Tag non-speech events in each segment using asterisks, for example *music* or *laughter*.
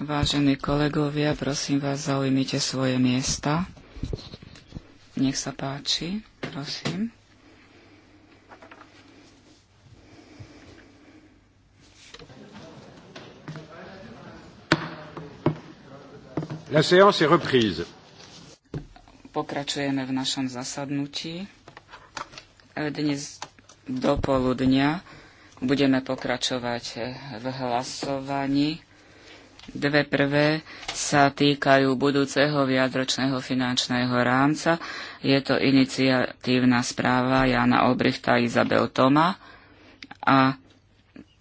Vážení kolegovia, prosím vás, zaujmite svoje miesta. Nech sa páči, prosím. La séance est reprise. Pokračujeme v našom zasadnutí. Dnes do poludnia Budeme pokračovať v hlasovaní. Dve prvé sa týkajú budúceho viadročného finančného rámca. Je to iniciatívna správa Jana Obrichta a Izabel Toma. A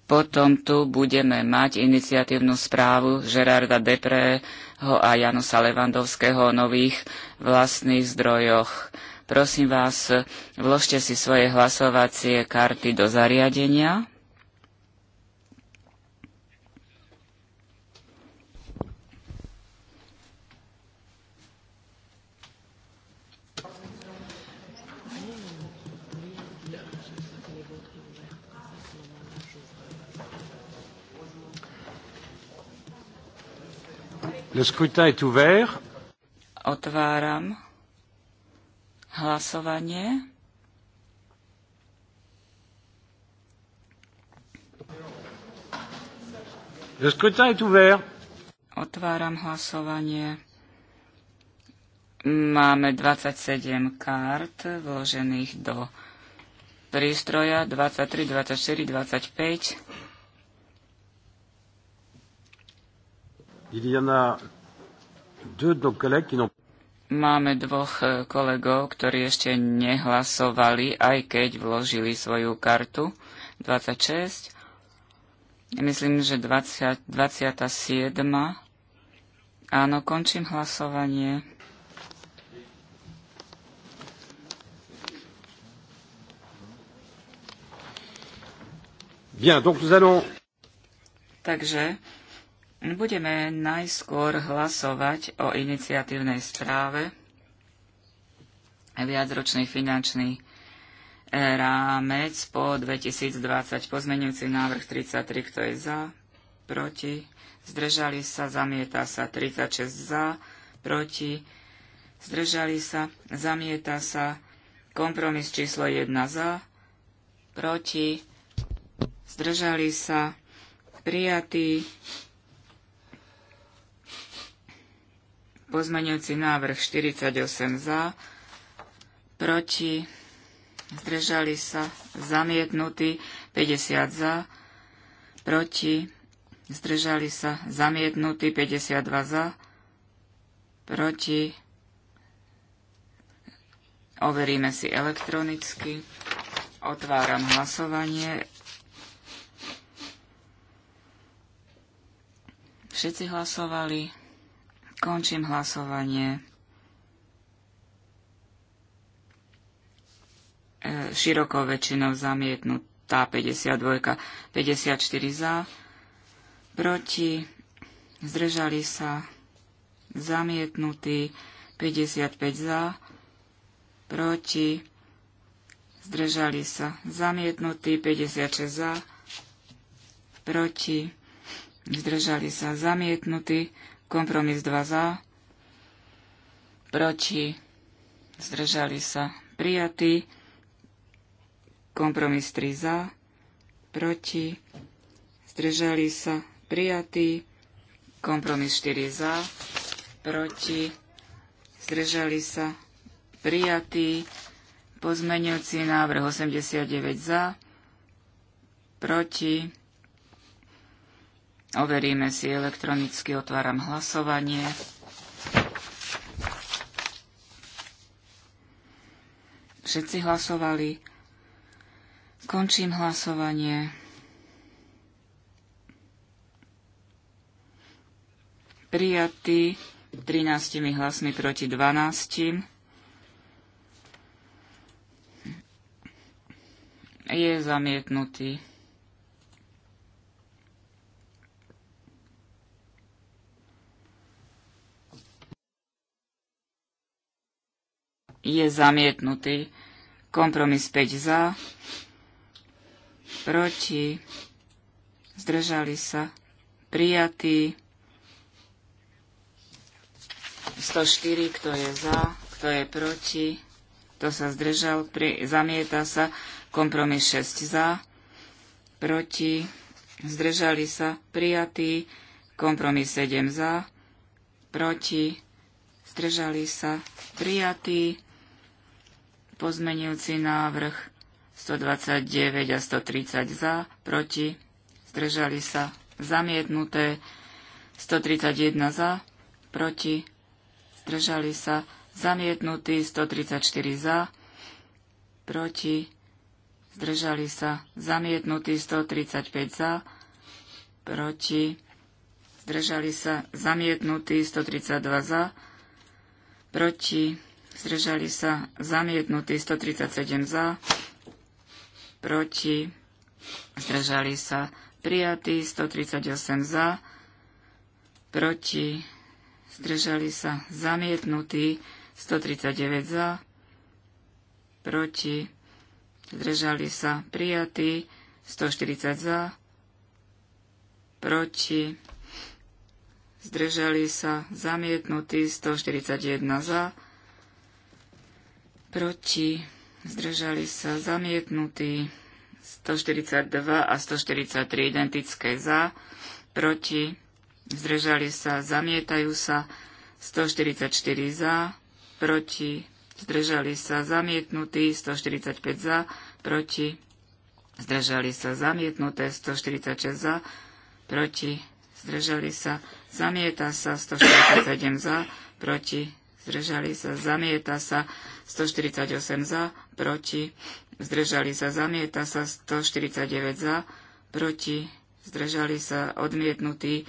potom tu budeme mať iniciatívnu správu Gerarda Depreho a Janusa Levandovského o nových vlastných zdrojoch Prosím vás, vložte si svoje hlasovacie karty do zariadenia. Le scrutin est ouvert. Otváram hlasovanie. Otváram hlasovanie. Máme 27 kart vložených do prístroja 23, 24, 25. Il y en a deux de nos collègues qui n'ont pas. Máme dvoch e, kolegov, ktorí ešte nehlasovali, aj keď vložili svoju kartu 26. Myslím, že 20, 27. Áno, končím hlasovanie. Bien, donc nous allons... Takže Budeme najskôr hlasovať o iniciatívnej správe viacročný finančný e, rámec po 2020. Pozmenujúci návrh 33, kto je za, proti, zdržali sa, zamieta sa 36 za, proti, zdržali sa, zamieta sa, kompromis číslo 1 za, proti, zdržali sa, prijatý Pozmeňujúci návrh 48 za, proti, zdržali sa, zamietnutý, 50 za, proti, zdržali sa, zamietnutý, 52 za, proti, overíme si elektronicky, otváram hlasovanie, všetci hlasovali, Končím hlasovanie. E, širokou väčšinou zamietnutá 52, 54 za, proti, zdržali sa, zamietnutý 55 za, proti, zdržali sa, zamietnutý 56 za, proti, zdržali sa, zamietnutý Kompromis 2 za, proti, zdržali sa prijatí. Kompromis 3 za, proti, zdržali sa prijatí. Kompromis 4 za, proti, zdržali sa prijatí. Pozmeňujúci návrh 89 za, proti, Overíme si elektronicky, otváram hlasovanie. Všetci hlasovali. Končím hlasovanie. prijatý 13 hlasmi proti 12. Je zamietnutý. je zamietnutý. Kompromis 5 za, proti, zdržali sa, prijatý. 104, kto je za, kto je proti, kto sa zdržal, pri, zamieta sa, kompromis 6 za, proti, zdržali sa, prijatý, kompromis 7 za, proti, zdržali sa, prijatý, Pozmenujúci návrh 129 a 130 za, proti, zdržali sa, zamietnuté. 131 za, proti, zdržali sa, zamietnutý. 134 za, proti, zdržali sa, zamietnutý. 135 za, proti, zdržali sa, zamietnutý. 132 za, proti, zdržali sa zamietnutí 137 za, proti, zdržali sa prijatí 138 za, proti, zdržali sa zamietnutí 139 za, proti, zdržali sa prijatí 140 za, proti, zdržali sa zamietnutí 141 za, proti, zdržali sa zamietnutí 142 a 143 identické za, proti, zdržali sa, zamietajú sa 144 za, proti, zdržali sa, zamietnutí 145 za, proti, zdržali sa, zamietnuté 146 za, proti, zdržali sa, zamieta sa 147 za, proti, zdržali sa, zamieta sa 148 za, proti, zdržali sa, zamieta sa, 149 za, proti, zdržali sa, odmietnutí,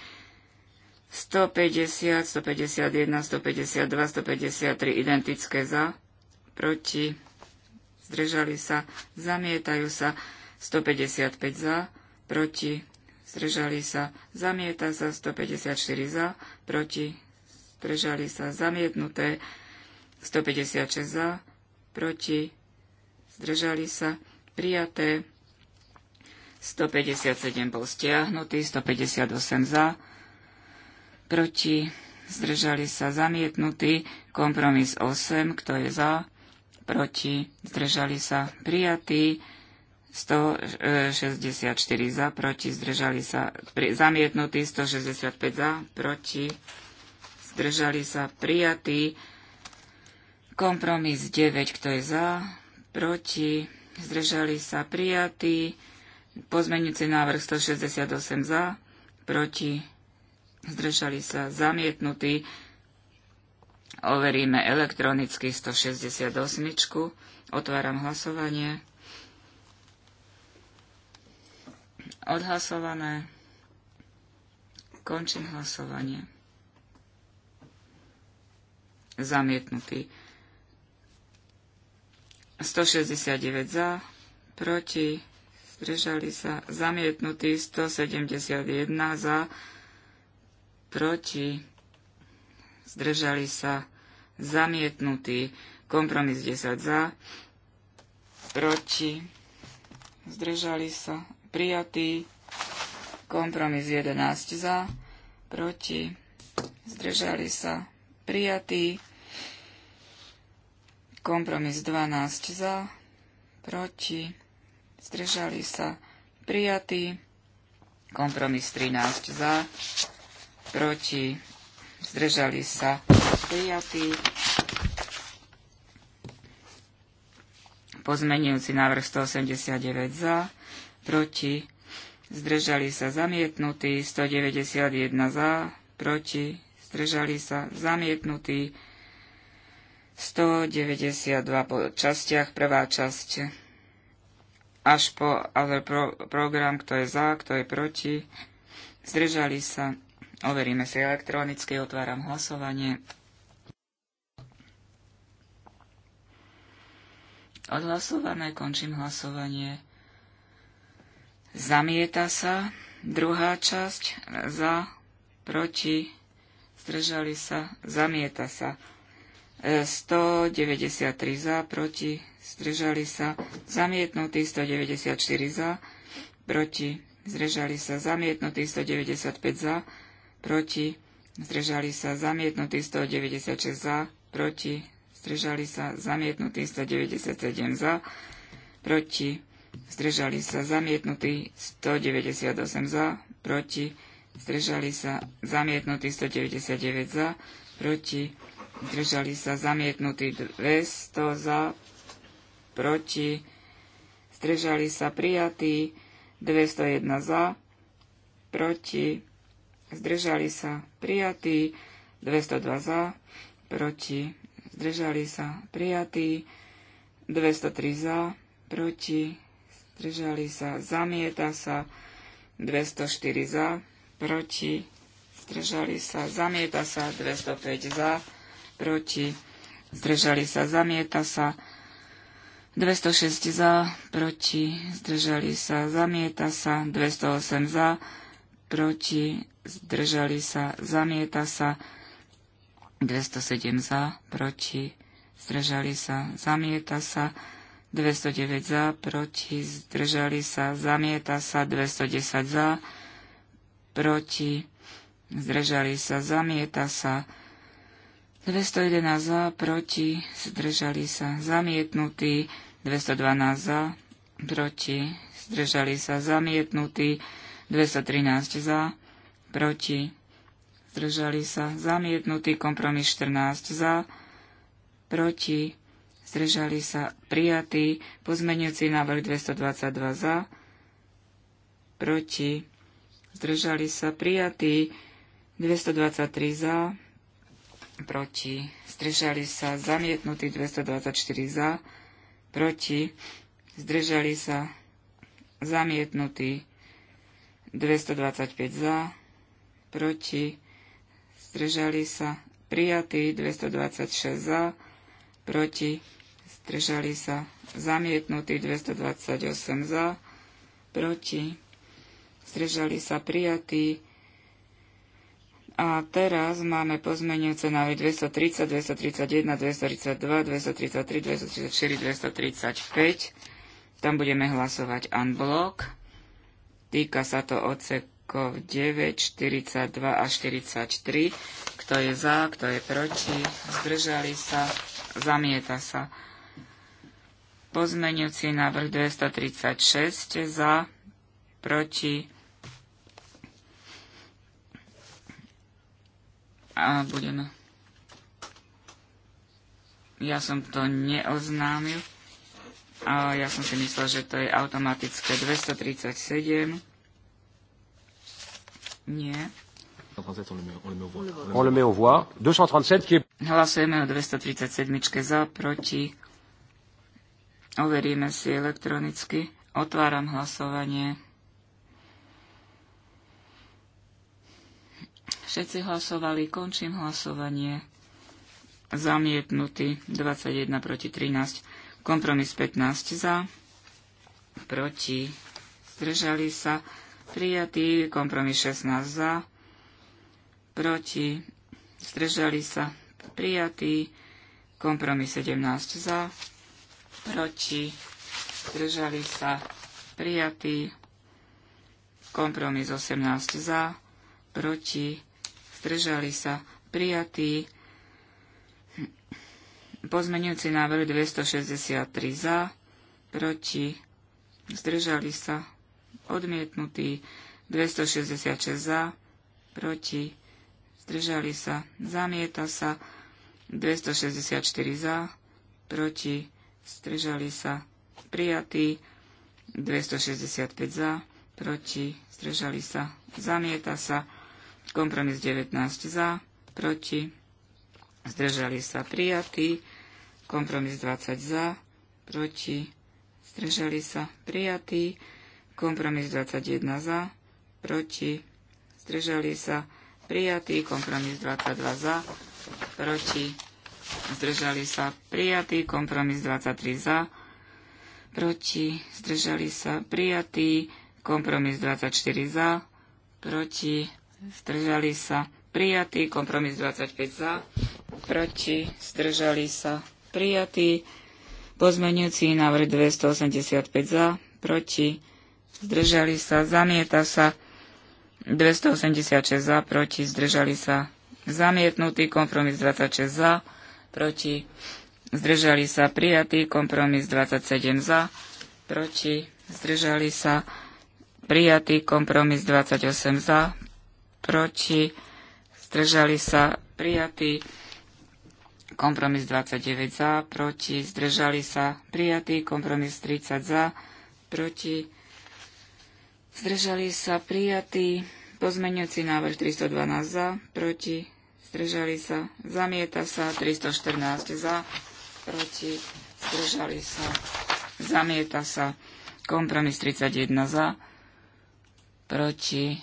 150, 151, 152, 153 identické za, proti, zdržali sa, zamietajú sa, 155 za, proti, zdržali sa, zamieta sa, 154 za, proti, zdržali sa, zamietnuté, 156 za, proti, zdržali sa, prijaté. 157 bol stiahnutý, 158 za, proti, zdržali sa, zamietnutý. Kompromis 8, kto je za, proti, zdržali sa, prijatý. 164 za, proti, zdržali sa, pri, zamietnutý, 165 za, proti, zdržali sa, prijatý. Kompromis 9, kto je za, proti, zdržali sa prijatí. pozmenujúci návrh 168 za, proti, zdržali sa zamietnutí. Overíme elektronicky 168. Otváram hlasovanie. Odhlasované. Končím hlasovanie. Zamietnutý. 169 za, proti, zdržali sa, zamietnutý 171 za, proti, zdržali sa, zamietnutý kompromis 10 za, proti, zdržali sa, prijatý kompromis 11 za, proti, zdržali sa, prijatý Kompromis 12 za, proti, zdržali sa, prijatý. Kompromis 13 za, proti, zdržali sa, prijatý. Pozmenujúci návrh 189 za, proti, zdržali sa zamietnutí, 191 za, proti, zdržali sa zamietnutí, 192 po častiach, prvá časť až po ale pro, program, kto je za, kto je proti. Zdržali sa. Overíme si elektronicky, otváram hlasovanie. Odhlasované, končím hlasovanie. Zamieta sa. Druhá časť za, proti, zdržali sa, zamieta sa. 193 e, za, proti, zdržali sa, zamietnutý 194 za, proti, zdržali sa, zamietnutý 195 za, proti, zdržali sa, zamietnutý 196 za, proti, zdržali sa, zamietnutý 197 za, proti, zdržali sa, zamietnutý 198 za, proti, zdržali sa, zamietnutý 199 za, proti, Držali sa zamietnutí 200 za, proti, zdržali sa prijatí 201 za, proti, zdržali sa prijatí 202 za, proti, zdržali sa prijatí 203 za, proti, zdržali sa, zamieta sa 204 za, proti, zdržali sa, zamieta sa 205 za, proti, zdržali sa, zamieta sa. 206 za, proti, zdržali sa, zamieta sa. 208 za, proti, zdržali sa, zamieta sa. 207 za, proti, zdržali sa, zamieta sa. 209 za, proti, zdržali sa, zamieta sa, 210 za, proti, zdržali sa, zamieta sa, 211 za, proti, zdržali sa zamietnutí. 212 za, proti, zdržali sa zamietnutí. 213 za, proti, zdržali sa zamietnutí, kompromis 14 za, proti, zdržali sa prijatý pozmenujúci návrh 222 za, proti, zdržali sa prijatý 223 za, proti, zdržali sa zamietnutí 224 za, proti, zdržali sa zamietnutí 225 za, proti, zdržali sa prijatí 226 za, proti, zdržali sa zamietnutí 228 za, proti, zdržali sa prijatí a teraz máme pozmeňujúce návrhy 230, 231, 232, 233, 234, 235. Tam budeme hlasovať unblock. Týka sa to odsekov 9, 42 a 43. Kto je za, kto je proti, zdržali sa, zamieta sa. Pozmeňujúci návrh 236 za, proti, A budeme. Ja som to neoznámil. A ja som si myslel, že to je automatické 237. Nie. On le met au 237 Hlasujeme o 237 za, proti. Overíme si elektronicky. Otváram hlasovanie. Všetci hlasovali. Končím hlasovanie. Zamietnutý 21 proti 13. Kompromis 15 za. Proti. Zdržali sa. Prijatý. Kompromis 16 za. Proti. Zdržali sa. Prijatý. Kompromis 17 za. Proti. Zdržali sa. Prijatý. Kompromis 18 za. Proti zdržali sa, prijatí, Pozmenujúci návrh 263 za, proti, zdržali sa, odmietnutý. 266 za, proti, zdržali sa, zamieta sa. 264 za, proti, zdržali sa, prijatý. 265 za, proti, zdržali sa, zamieta sa. Kompromis 19 za, proti, zdržali sa prijatí. Kompromis 20 za, proti, zdržali sa prijatí. Kompromis 21 za, proti, zdržali sa prijatí. Kompromis 22 za, proti, zdržali sa prijatí. Kompromis 23 za, proti, zdržali sa prijatí. Kompromis 24 za, proti, zdržali sa prijatý, kompromis 25 za, proti, zdržali sa prijatý, pozmenujúci návrh 285 za, proti, zdržali sa, zamieta sa, 286 za, proti, zdržali sa, zamietnutý, kompromis 26 za, proti, zdržali sa, prijatý, kompromis 27 za, proti, zdržali sa, prijatý, kompromis 28 za, proti, zdržali sa prijatí, kompromis 29 za, proti, zdržali sa prijatí, kompromis 30 za, proti, zdržali sa prijatí, pozmeňujúci návrh 312 za, proti, zdržali sa, zamieta sa, 314 za, proti, zdržali sa, zamieta sa, kompromis 31 za, proti,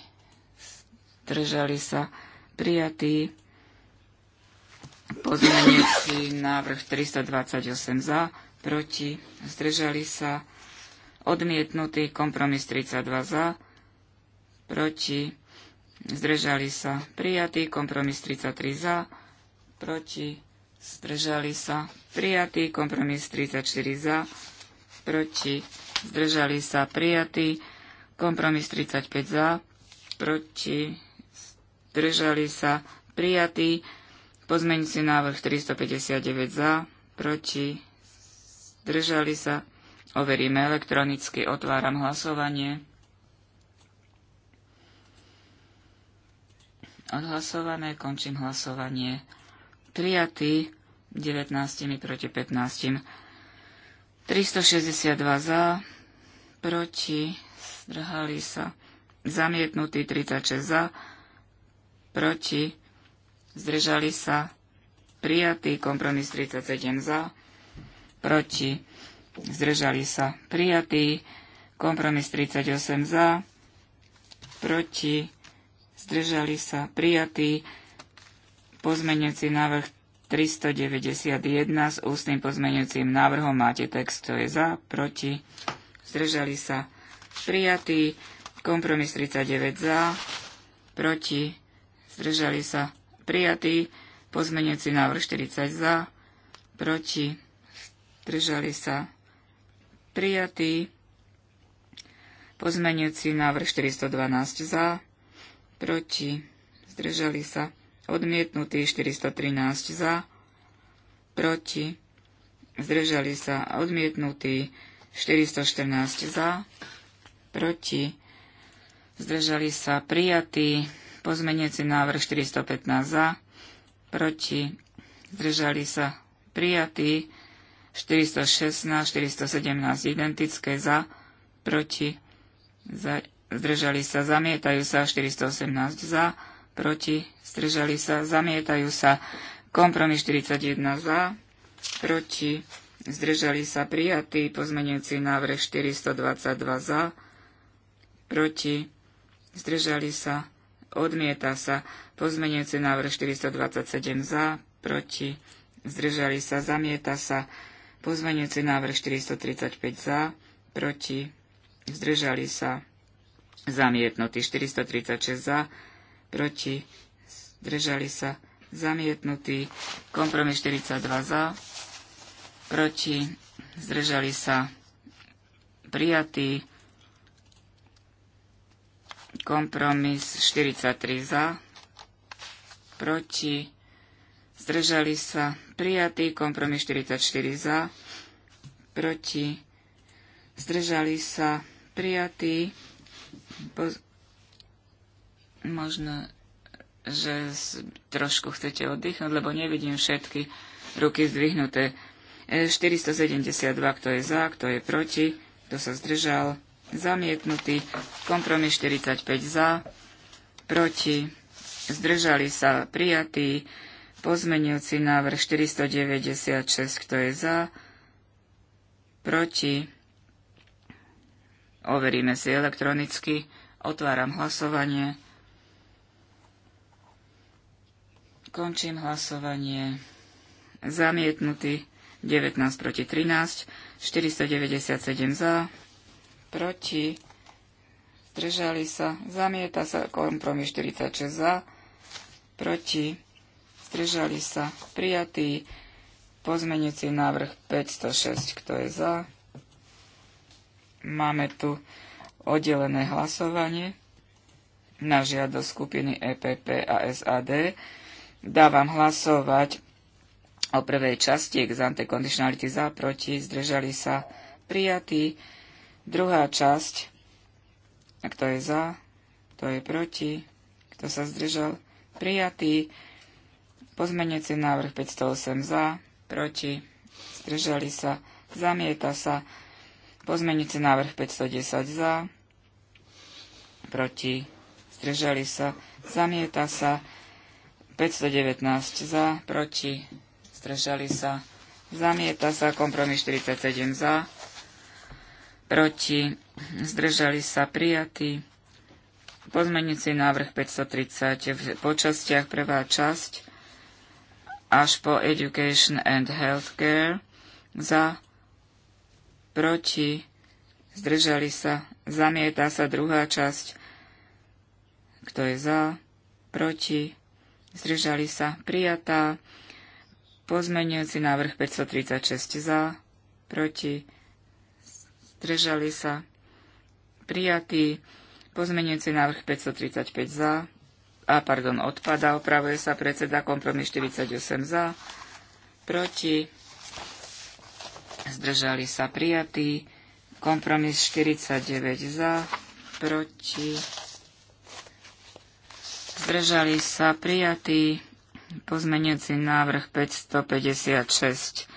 zdržali sa prijatí. Pozmeňujúci návrh 328 za, proti, zdržali sa, odmietnutý kompromis 32 za, proti, zdržali sa, prijatý kompromis 33 za, proti, zdržali sa, prijatý kompromis 34 za, proti, zdržali sa, prijatý kompromis 35 za, proti, zdržali sa, prijatý. Pozmeňujúci návrh 359 za, proti, zdržali sa. Overíme elektronicky, otváram hlasovanie. Odhlasované, končím hlasovanie. Prijatý 19 proti 15. 362 za, proti, zdrhali sa. Zamietnutý 36 za, proti, zdržali sa, prijatý. Kompromis 37 za, proti, zdržali sa, prijatý. Kompromis 38 za, proti, zdržali sa, prijatý. Pozmenujúci návrh 391 s ústnym pozmenujúcim návrhom máte text, to je za, proti, zdržali sa, prijatý, kompromis 39 za, proti, zdržali sa prijatí, pozmenujúci návrh 40 za, proti, zdržali sa prijatí, pozmenujúci návrh 412 za, proti, zdržali sa odmietnutí 413 za, proti, zdržali sa odmietnutí 414 za, proti, zdržali sa prijatí Pozmeniaci návrh 415 za, proti, zdržali sa prijatí, 416, 417 identické za, proti, za, zdržali sa, zamietajú sa, 418 za, proti, zdržali sa, zamietajú sa, kompromis 41 za, proti, zdržali sa prijatí, pozmenujúci návrh 422 za, proti, zdržali sa, Odmieta sa pozmenujúci návrh 427 za, proti, zdržali sa, zamieta sa. Pozmenujúci návrh 435 za, proti, zdržali sa, zamietnutý. 436 za, proti, zdržali sa, zamietnutý. Kompromis 42 za, proti, zdržali sa, prijatý. Kompromis 43 za, proti, zdržali sa, prijatý. Kompromis 44 za, proti, zdržali sa, prijatý. poz- Možno, že trošku chcete oddychnúť, lebo nevidím všetky ruky zdvihnuté. 472, e, kto je za, kto je proti, kto sa zdržal, zamietnutý, kompromis 45 za, proti, zdržali sa prijatý, pozmenujúci návrh 496, kto je za, proti, overíme si elektronicky, otváram hlasovanie, končím hlasovanie, zamietnutý, 19 proti 13, 497 za, proti, zdržali sa, zamieta sa, kompromis 46 za, proti, zdržali sa, prijatý, pozmenujúci návrh 506, kto je za. Máme tu oddelené hlasovanie na žiadosť skupiny EPP a SAD. Dávam hlasovať o prvej časti exante ante conditionality za, proti, zdržali sa, prijatý Druhá časť. Kto je za? Kto je proti? Kto sa zdržal? Prijatý. Pozmenujúci návrh 508 za, proti, zdržali sa, zamieta sa. Pozmenujúci návrh 510 za, proti, zdržali sa, zamieta sa. 519 za, proti, zdržali sa, zamieta sa. Kompromis 47 za, proti, zdržali sa prijatí. Pozmenujúci návrh 530 v počastiach prvá časť až po Education and Healthcare za, proti, zdržali sa, zamieta sa druhá časť, kto je za, proti, zdržali sa, prijatá, pozmenujúci návrh 536 za, proti, zdržali sa, prijatý, pozmenujúci návrh 535 za, a pardon, odpada, opravuje sa predseda, kompromis 48 za, proti, zdržali sa, prijatý, kompromis 49 za, proti, zdržali sa, prijatý, pozmenujúci návrh 556,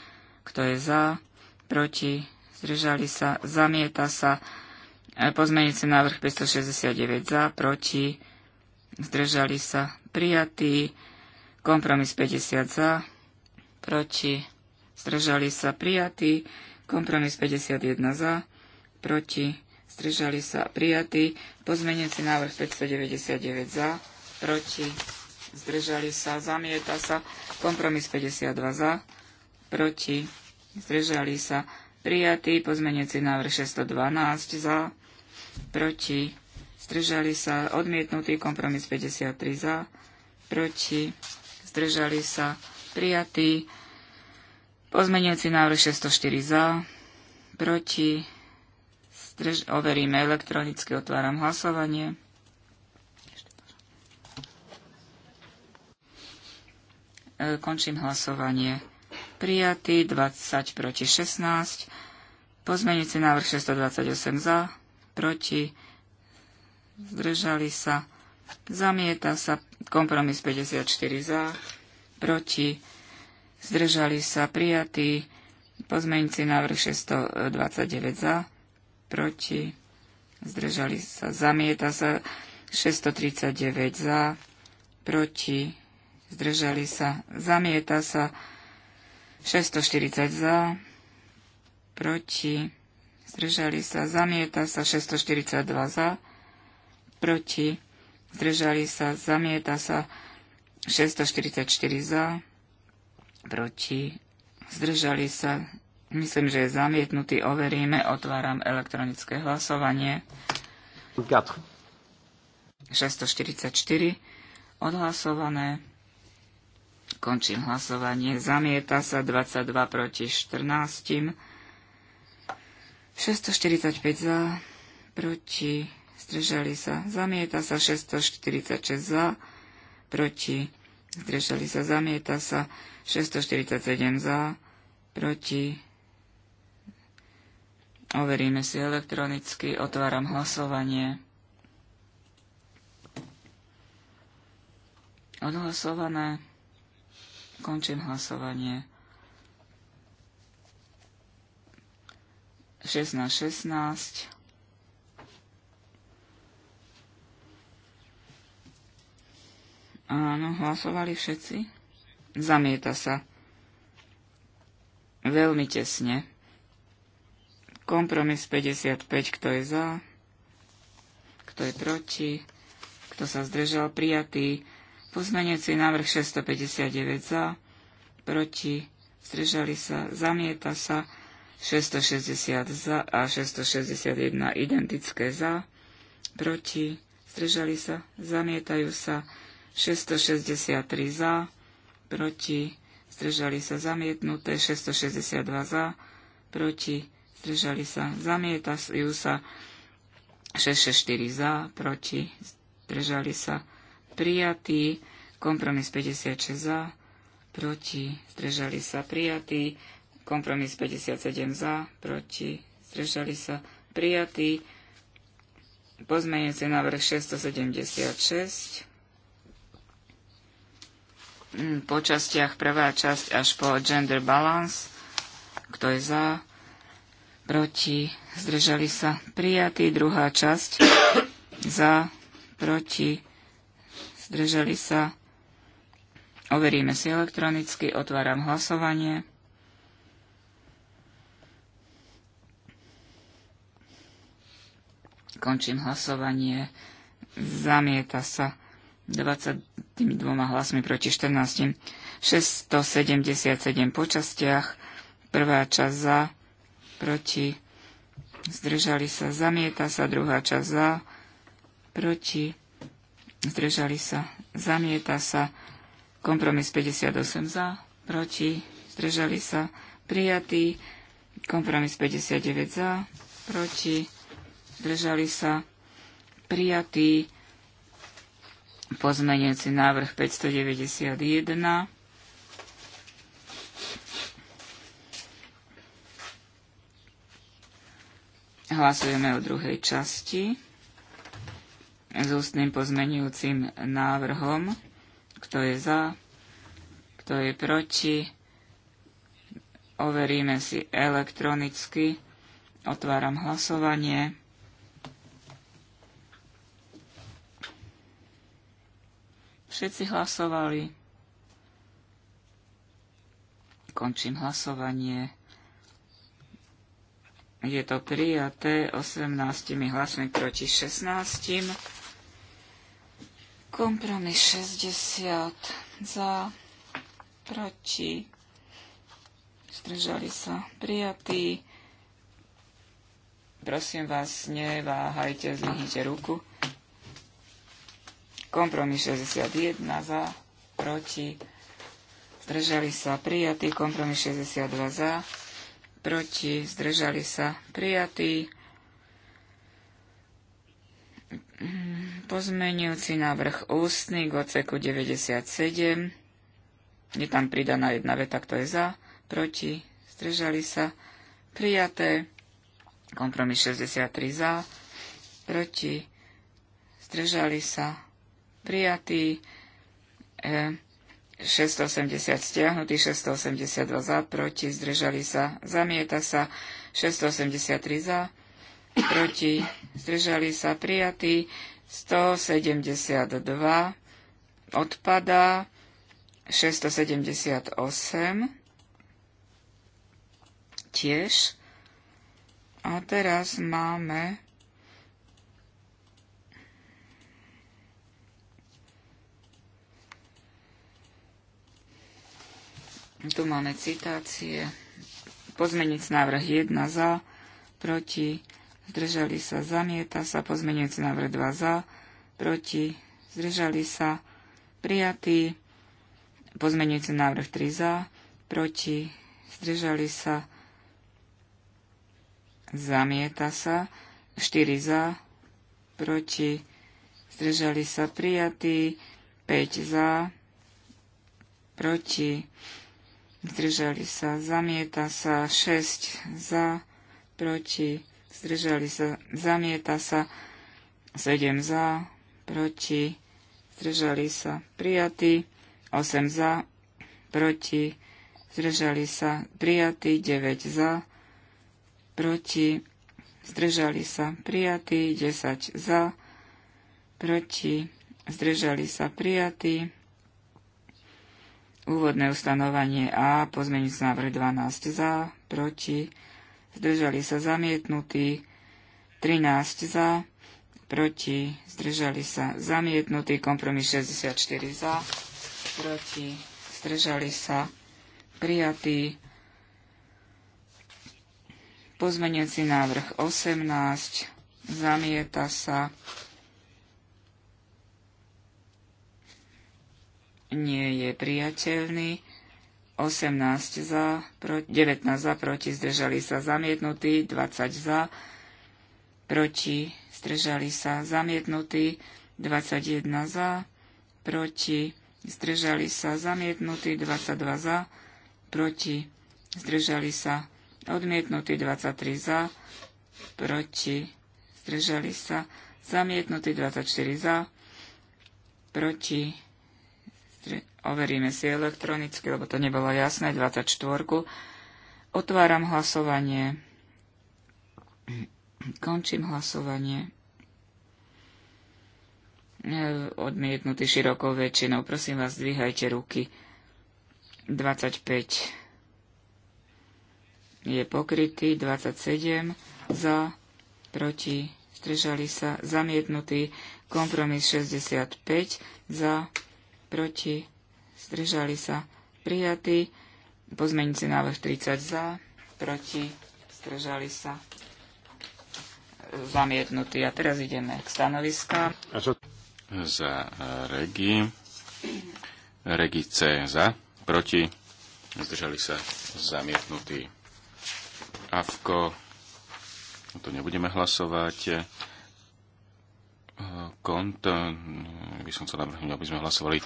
kto je za, proti, zdržali sa, zamieta sa. E, Pozmenujúci návrh 569 za, proti, zdržali sa, prijatý. Kompromis 50 za, proti, zdržali sa, prijatý. Kompromis 51 za, proti, zdržali sa, prijatý. Pozmenujúci návrh 599 za, proti, zdržali sa, zamieta sa. Kompromis 52 za, proti, zdržali sa, prijatý, pozmenujúci návrh 612 za, proti, zdržali sa, odmietnutý kompromis 53 za, proti, zdržali sa, prijatý, pozmenujúci návrh 604 za, proti, zdrž- overíme elektronicky, otváram hlasovanie. E, končím hlasovanie prijatý, 20 proti 16, pozmeňujúci návrh 628 za, proti, zdržali sa, zamieta sa, kompromis 54 za, proti, zdržali sa, prijatý, pozmeňujúci návrh 629 za, proti, zdržali sa, zamieta sa, 639 za, proti, zdržali sa, zamieta sa, 640 za, proti, zdržali sa, zamieta sa 642 za, proti, zdržali sa, zamieta sa 644 za, proti, zdržali sa, myslím, že je zamietnutý, overíme, otváram elektronické hlasovanie. 644 odhlasované. Končím hlasovanie. Zamieta sa 22 proti 14. 645 za, proti, zdržali sa. Zamieta sa 646 za, proti, zdržali sa. Zamieta sa 647 za, proti. Overíme si elektronicky. Otváram hlasovanie. odhlasované. Končím hlasovanie. 6 na 16. Áno, hlasovali všetci. Zamieta sa. Veľmi tesne. Kompromis 55, kto je za, kto je proti, kto sa zdržal, prijatý. Pozmenujúci návrh 659 za, proti, zdržali sa, zamieta sa, 660 za a 661 identické za, proti, zdržali sa, zamietajú sa, 663 za, proti, zdržali sa, zamietnuté, 662 za, proti, zdržali sa, zamietajú sa, 664 za, proti, zdržali sa, prijatý, kompromis 56 za, proti, zdržali sa prijatý, kompromis 57 za, proti, zdržali sa prijatý, pozmeňujúci návrh 676, mm, po častiach prvá časť až po gender balance, kto je za, proti, zdržali sa prijatý, druhá časť *coughs* za, proti, zdržali sa. Overíme si elektronicky, otváram hlasovanie. Končím hlasovanie. Zamieta sa 22 hlasmi proti 14. 677 po častiach. Prvá časť za, proti, zdržali sa, zamieta sa. Druhá časť za, proti, zdržali sa, zamieta sa, kompromis 58 za, proti, zdržali sa, prijatý, kompromis 59 za, proti, zdržali sa, prijatý, pozmeniaci návrh 591, Hlasujeme o druhej časti s ústnym pozmenujúcim návrhom. Kto je za? Kto je proti? Overíme si elektronicky. Otváram hlasovanie. Všetci hlasovali. Končím hlasovanie. Je to prijaté 18 hlasmi proti 16. Kompromis 60 za, proti, zdržali sa prijatí. Prosím vás, neváhajte, zvihnite ruku. Kompromis 61 za, proti, zdržali sa prijatí. Kompromis 62 za, proti, zdržali sa prijatí. Pozmenujúci návrh ústny k oceku 97. Je tam pridaná jedna veta, kto je za, proti, zdržali sa, prijaté. Kompromis 63 za, proti, zdržali sa, prijatý. E, 680 stiahnutý, 682 za, proti, zdržali sa, zamieta sa, 683 za, proti, zdržali sa prijatí, 172 odpadá, 678 tiež. A teraz máme Tu máme citácie. Pozmeniť návrh 1 za, proti, zdržali sa, zamieta sa, pozmeňujúci návrh 2 za, proti, zdržali sa, prijatý, pozmeňujúci návrh 3 za, proti, zdržali sa, zamieta sa, 4 za, proti, zdržali sa, prijatý, 5 za, proti, zdržali sa, zamieta sa, 6 za, proti, zdržali sa, zamieta sa, 7 za, proti, zdržali sa, prijatí, 8 za, proti, zdržali sa, prijatí, 9 za, proti, zdržali sa, prijatí, 10 za, proti, zdržali sa, prijatí, úvodné ustanovanie A, pozmeniť návrh 12 za, proti, zdržali sa zamietnutí, 13 za, proti, zdržali sa zamietnutí, kompromis 64 za, proti, zdržali sa prijatí. Pozmeniaci návrh 18, zamieta sa, nie je priateľný. 18 za, 19 za, proti, zdržali sa zamietnutí, 20 za, proti, zdržali sa zamietnutí, 21 za, proti, zdržali sa zamietnutí, 22 za, proti, zdržali sa odmietnutí, 23 za, proti, zdržali sa zamietnutí, 24 za, proti, zdržali Overíme si elektronicky, lebo to nebolo jasné, 24. Otváram hlasovanie. Končím hlasovanie. Odmietnutý širokou väčšinou. Prosím vás, zdvíhajte ruky. 25 je pokrytý, 27 za, proti, stržali sa, zamietnutý, kompromis 65 za, proti, zdržali sa prijatí. Pozmeňujúci návrh 30 za, proti, zdržali sa zamietnutí. A teraz ideme k čo? Za e, regi. Regi C za, proti, zdržali sa zamietnutí. Avko, to nebudeme hlasovať. E, kont, e, by som chcel navrhnúť, aby sme hlasovali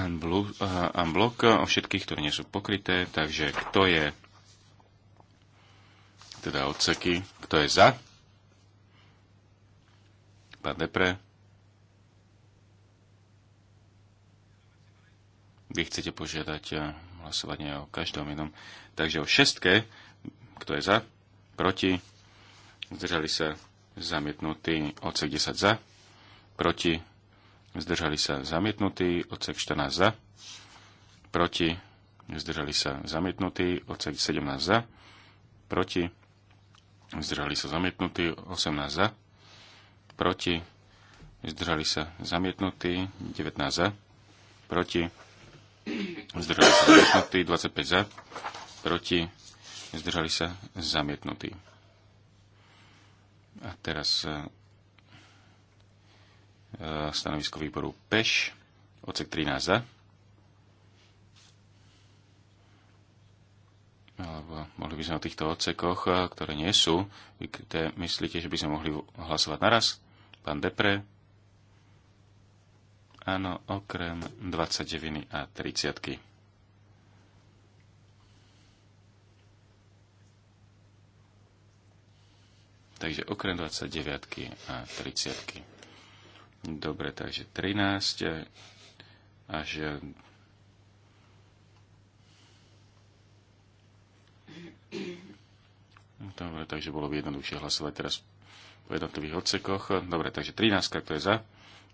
unblock eh, eh, o všetkých, ktoré nie sú pokryté. Takže kto je teda odseky, kto je za? Pán Depre. Vy chcete požiadať eh, hlasovanie o každom inom. Takže o šestke, kto je za, proti, zdržali sa zamietnutý odsek 10 za, proti, zdržali sa zamietnutý odsek 14 za, proti, zdržali sa zamietnutý odsek 17 za, proti, zdržali sa zamietnutý 18 za, proti, zdržali sa zamietnutý 19 za, proti, zdržali sa zamietnutý 25 za, proti, zdržali sa zamietnutý. A teraz eh, Eh, stanovisko výboru PEŠ, odsek 13 za. Alebo mohli by sme o týchto odsekoch, eh, ktoré nie sú, kde myslíte, že by sme mohli hlasovať naraz? Pán Depre? Áno, okrem 29 a 30. Takže okrem 29 a 30. Dobre, takže 13 eh, až eh, no, Dobre, takže bolo by jednoduchšie hlasovať teraz po jednotlivých odsekoch. Dobre, takže 13, kto je za,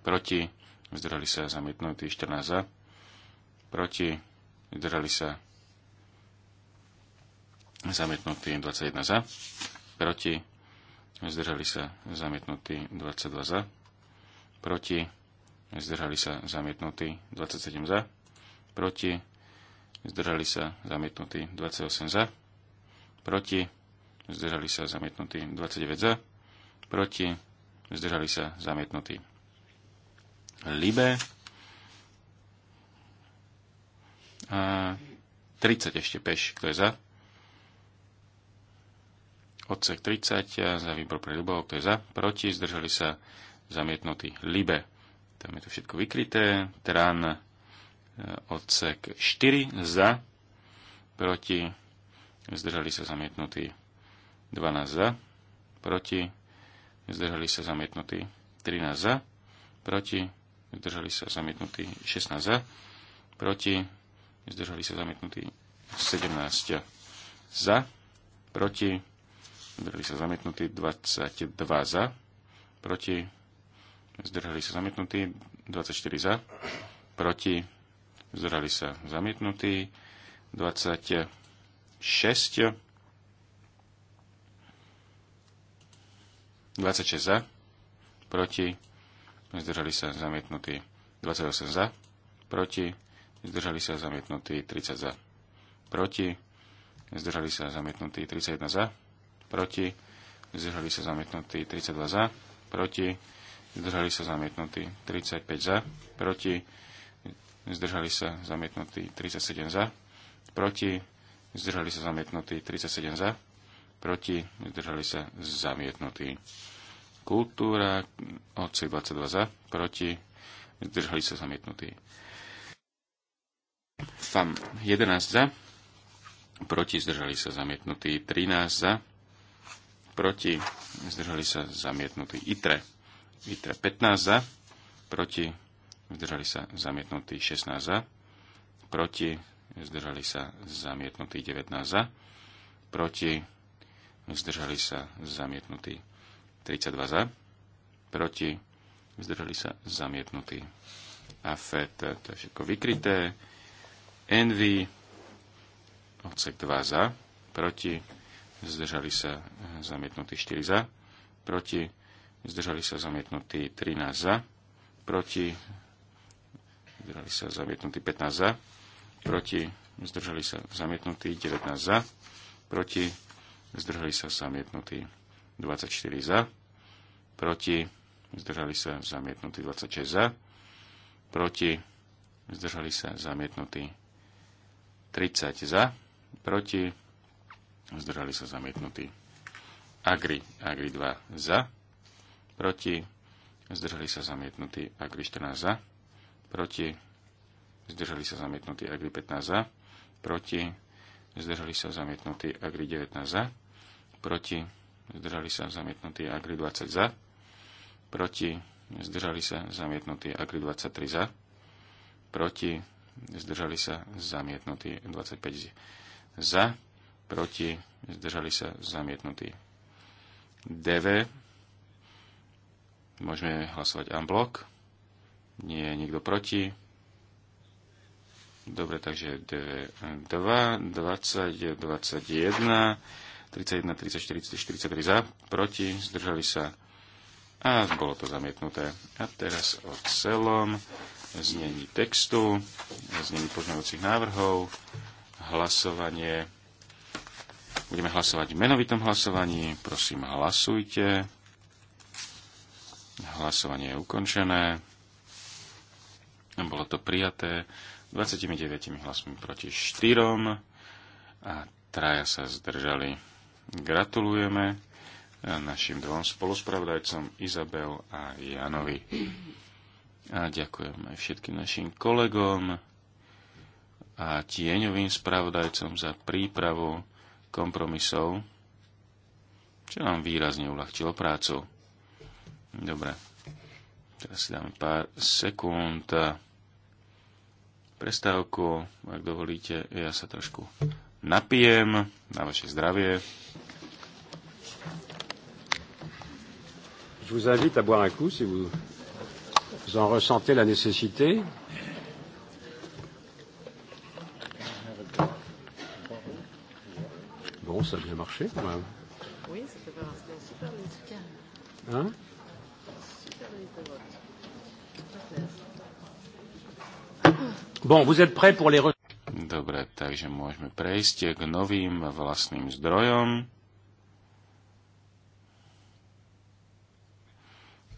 proti, Zdrali sa zamietnutí, 14 za, proti, Zdrali sa zamietnutí, 21 za, proti, zdržali sa zamietnutí, 22 za proti, zdržali sa zamietnutí 27 za, proti, zdržali sa zamietnutí 28 za, proti, zdržali sa zamietnutí 29 za, proti, zdržali sa zamietnutí. Libe a 30 ešte peš, kto je za. Odsek 30 za výbor pre Ľubov, kto je za, proti, zdržali sa zamietnutý. Libe, tam je to všetko vykryté. Tran, e, odsek 4, za, proti, zdržali sa zamietnutí. 12 za, proti, zdržali sa zamietnutí. 13 za, proti, zdržali sa zamietnutí. 16 za, proti, zdržali sa zamietnutí. 17 za, proti, zdržali sa zamietnutí. 22 za, proti, zdržali sa zamietnutí, 24 za, proti, zdržali sa zamietnutí, 26 26 za, proti, zdržali sa zamietnutí 28 za, proti, zdržali sa zamietnutí 30 za, proti, zdržali sa zamietnutí 31 za, proti, zdržali sa zamietnutí 32 za, proti, zdržali sa zamietnutí 35 za, proti, zdržali sa zamietnutí 37 za, proti, zdržali sa zamietnutí 37 za, proti, zdržali sa zamietnutí. Kultúra odsek 22 za, proti, zdržali sa zamietnutí. FAM 11 za, proti, zdržali sa zamietnutí 13 za, proti, zdržali sa zamietnutí ITRE Vitra 15 za, proti, zdržali sa zamietnutí 16 za, proti, zdržali sa zamietnutí 19 za, proti, zdržali sa zamietnutí 32 za, proti, zdržali sa zamietnutí. A fet to je všetko vykryté. Envy odsek 2 za, proti, zdržali sa zamietnutí 4 za, proti, zdržali sa zamietnutí 13 za, proti, zdržali sa zamietnutí 15 za, proti, zdržali sa zamietnutí 19 za, proti, zdržali sa zamietnutí 24 za, proti, zdržali sa zamietnutí 26 za, proti, zdržali sa zamietnutí 30 za, proti, zdržali sa zamietnutí. Agri, Agri 2 za, proti, zdržali sa zamietnutí Agri 14 za, proti, zdržali sa zamietnutí Agri 15 za, proti, zdržali sa zamietnutí Agri 19 za, proti, zdržali sa zamietnutí Agri 20 za, proti, zdržali sa zamietnutí Agri 23 za, proti, zdržali sa zamietnutí 25 za, proti, zdržali sa zamietnutí. DV Môžeme hlasovať unblock. blok. Nie je nikto proti. Dobre, takže 2, 20, 21, 31, 34, 43 za, proti, zdržali sa a bolo to zamietnuté. A teraz o celom znení textu, znení požňovacích návrhov, hlasovanie. Budeme hlasovať v menovitom hlasovaní. Prosím, hlasujte. Hlasovanie je ukončené. Bolo to prijaté 29 hlasmi proti 4 a traja sa zdržali. Gratulujeme našim dvom spoluspravdajcom Izabel a Janovi. A ďakujem aj všetkým našim kolegom a tieňovým spravodajcom za prípravu kompromisov, čo nám výrazne uľahčilo prácu. Dobre. Teraz si dáme pár sekúnd prestávku. Ak dovolíte, ja sa trošku napijem na vaše zdravie. Je vous invite à boire un coup si vous en ressentez la nécessité. Bon, ça a bien marché quand même. Oui, ça fait pas marcher super cas. Hein Bon, vous êtes prêts pour les... Dobre, takže môžeme prejsť k novým vlastným zdrojom.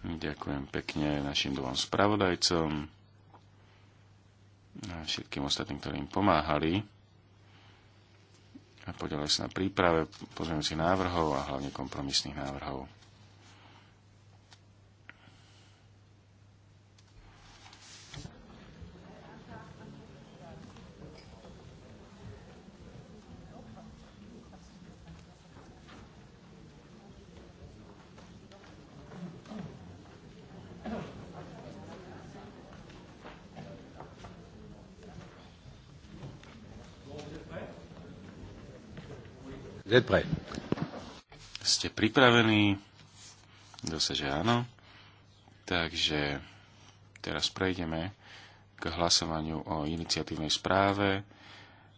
Ďakujem pekne našim dvom spravodajcom a všetkým ostatným, ktorí im pomáhali a podielali sa na príprave pozmeňujúcich návrhov a hlavne kompromisných návrhov. Ste pripravení? Zase, že áno. Takže teraz prejdeme k hlasovaniu o iniciatívnej správe,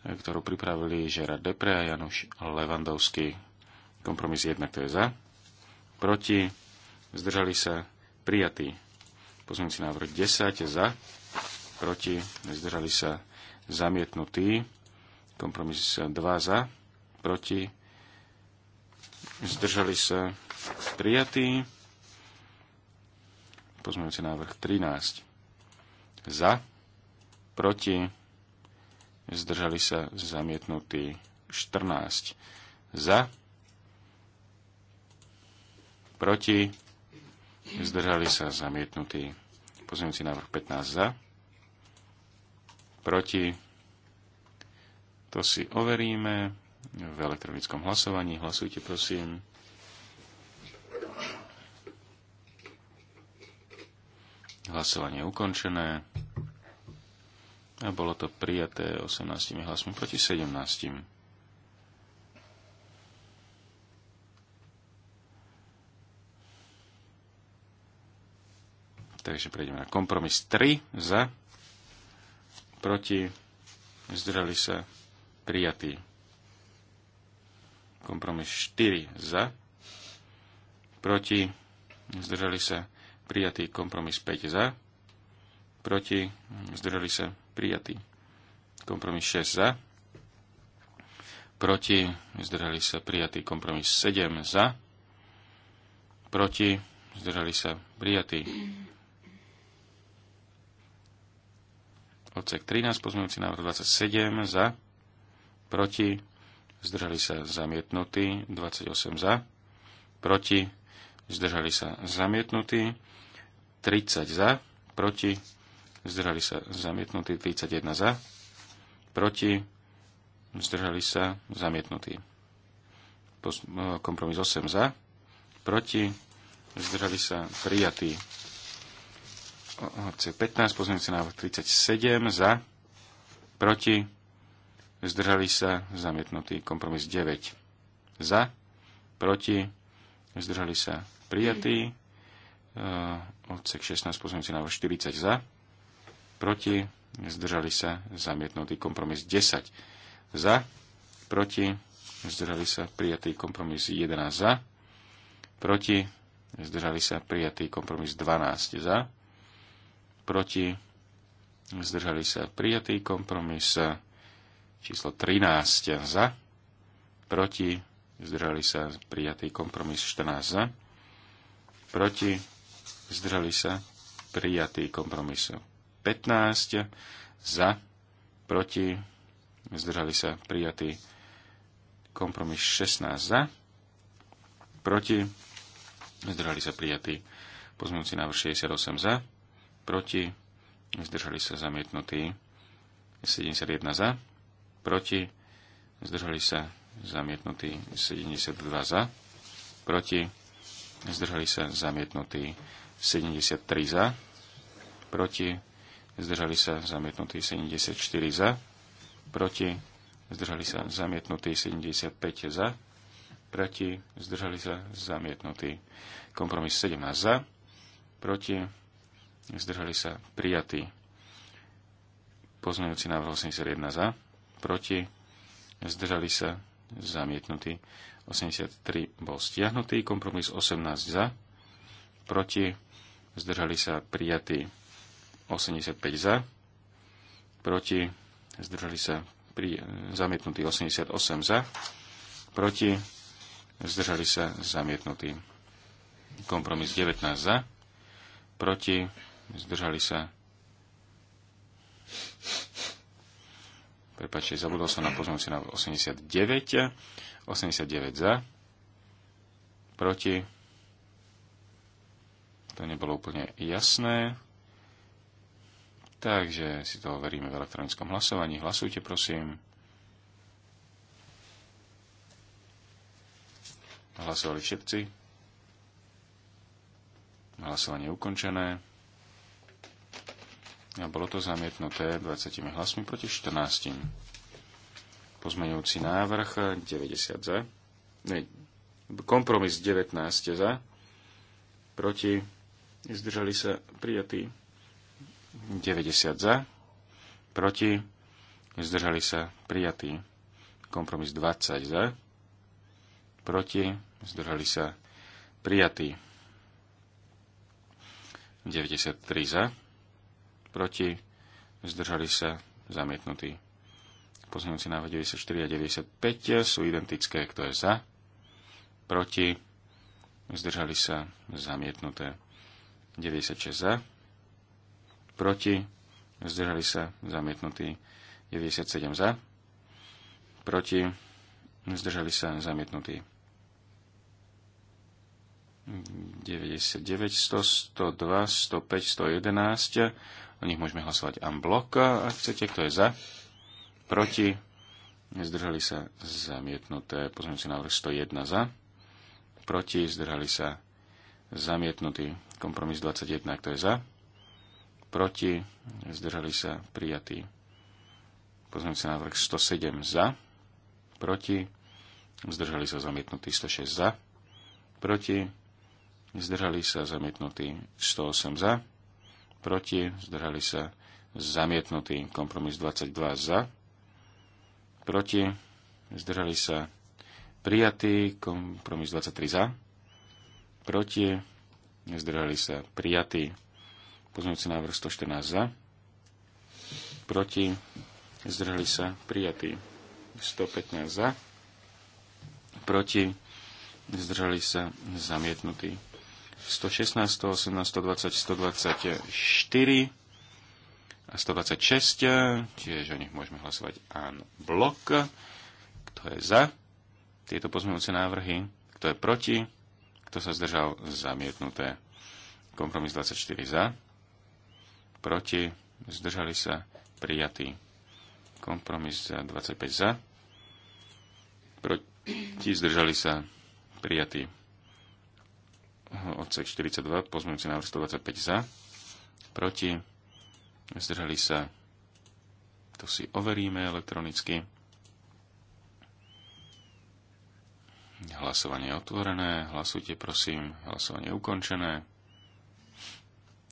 ktorú pripravili Žerard Depre a Januš Levandovský. Kompromis 1, to je za. Proti. Zdržali sa. Prijatý. Pozmeňujúci návrh 10 za. Proti. Zdržali sa. Zamietnutý. Kompromis 2 za. Proti zdržali sa prijatí. Pozmeňujúci návrh 13 za, proti, zdržali sa zamietnutí 14 za, proti, zdržali sa zamietnutí pozmeňujúci návrh 15 za, proti, to si overíme v elektronickom hlasovaní. Hlasujte, prosím. Hlasovanie je ukončené. A bolo to prijaté 18 hlasmi proti 17. Takže prejdeme na kompromis 3 za, proti, zdržali sa, prijatý. Kompromis 4 za. Proti. Zdržali sa prijatý. Kompromis 5 za. Proti. Zdržali sa prijatý. Kompromis 6 za. Proti. Zdržali sa prijatý. Kompromis 7 za. Proti. Zdržali sa prijatý. Odsek 13, pozmeňujúci návrh 27 za. Proti zdržali sa zamietnutí, 28 za, proti, zdržali sa zamietnutí, 30 za, proti, zdržali sa zamietnutí, 31 za, proti, zdržali sa zamietnutí. Eh, kompromis 8 za, proti, zdržali sa prijatí. C15, pozmeňujúci návrh 37 za, proti, zdržali sa, zamietnutý. Kompromis 9 za, proti, zdržali sa, prijatý. Eh, odsek 16, pozmeňujúci návrh 40 za, proti, zdržali sa, zamietnutý. Kompromis 10 za, proti, zdržali sa, prijatý. Kompromis 11 za, proti, zdržali sa, prijatý. Kompromis 12 za, proti, zdržali sa, prijatý. Kompromis číslo 13 za, proti, zdržali sa prijatý kompromis 14 za, proti, zdržali sa prijatý kompromis 15 za, proti, zdržali sa prijatý kompromis 16 za, proti, zdržali sa prijatý pozmeňujúci návrh 68 za, proti, zdržali sa zamietnutí 71 za, proti, zdržali sa zamietnutí 72 za, proti, zdržali sa zamietnutí 73 za, proti, zdržali sa zamietnutí 74 za, proti, zdržali sa zamietnutí 75 za, proti, zdržali sa zamietnutí. Kompromis 17 za, proti, zdržali sa prijatí. Pozmeňujúci návrh 81 za, proti, zdržali sa, zamietnutý. 83 bol stiahnutý, kompromis 18 za, proti, zdržali sa, prijatý. 85 za, proti, zdržali sa, pri, zamietnutý 88 za, proti, zdržali sa, zamietnutý. Kompromis 19 za, proti, zdržali sa, Prepačte, zabudol som na pozornosť na 89. 89 za. Proti. To nebolo úplne jasné. Takže si to overíme v elektronickom hlasovaní. Hlasujte, prosím. Hlasovali všetci. Hlasovanie ukončené a bolo to zamietnuté 20 hlasmi proti 14. Pozmeňujúci návrh 90 za, ne, kompromis 19 za, proti, zdržali sa prijatí 90 za, proti, zdržali sa prijatí kompromis 20 za, proti, zdržali sa prijatí 93 za, proti, zdržali sa, zamietnutí. Pozmeňujúci návrh 94 a 95 sú identické, kto je za, proti, zdržali sa, zamietnuté. 96 za, proti, zdržali sa, zamietnutí. 97 za, proti, zdržali sa, zamietnutí. 99, 100, 102, 105, 111 O nich môžeme hlasovať en blok, ak chcete, kto je za. Proti. Zdržali sa zamietnuté. si návrh 101 za. Proti. Zdržali sa zamietnutý. Kompromis 21, kto je za. Proti. Zdržali sa prijatý. si návrh 107 za. Proti. Zdržali sa zamietnutý 106 za. Proti. Zdržali sa zamietnutí 108 za proti, zdržali sa zamietnutý. Kompromis 22 za, proti, zdržali sa prijatý. Kompromis 23 za, proti, zdržali sa prijatý. Pozmeňujúci návrh 114 za, proti, zdržali sa prijatý. 115 za, proti, zdržali sa zamietnutý. 116, 118, 120, 124 a 126, tiež o nich môžeme hlasovať an blok. Kto je za tieto pozmeňujúce návrhy? Kto je proti? Kto sa zdržal? Zamietnuté. Kompromis 24 za. Proti? Zdržali sa? Prijatý. Kompromis 25 za. Proti? Zdržali sa? Prijatý odsek 42, pozmeňujúci návrh 125 za, proti, zdržali sa, to si overíme elektronicky. Hlasovanie je otvorené, hlasujte prosím, hlasovanie je ukončené.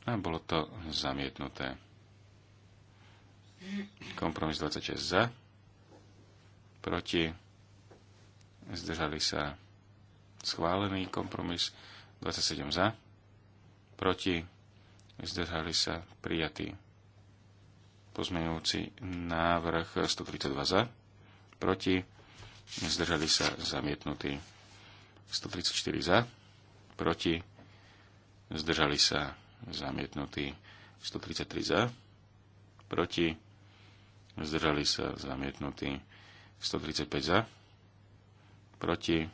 A bolo to zamietnuté. Kompromis 26 za, proti, zdržali sa schválený kompromis 27 za, proti, zdržali sa prijatí. pozmeňujúci návrh 132 za, proti, zdržali sa zamietnutí. 134 za, proti, zdržali sa zamietnutí. 133 za, proti, zdržali sa zamietnutí. 135 za, proti,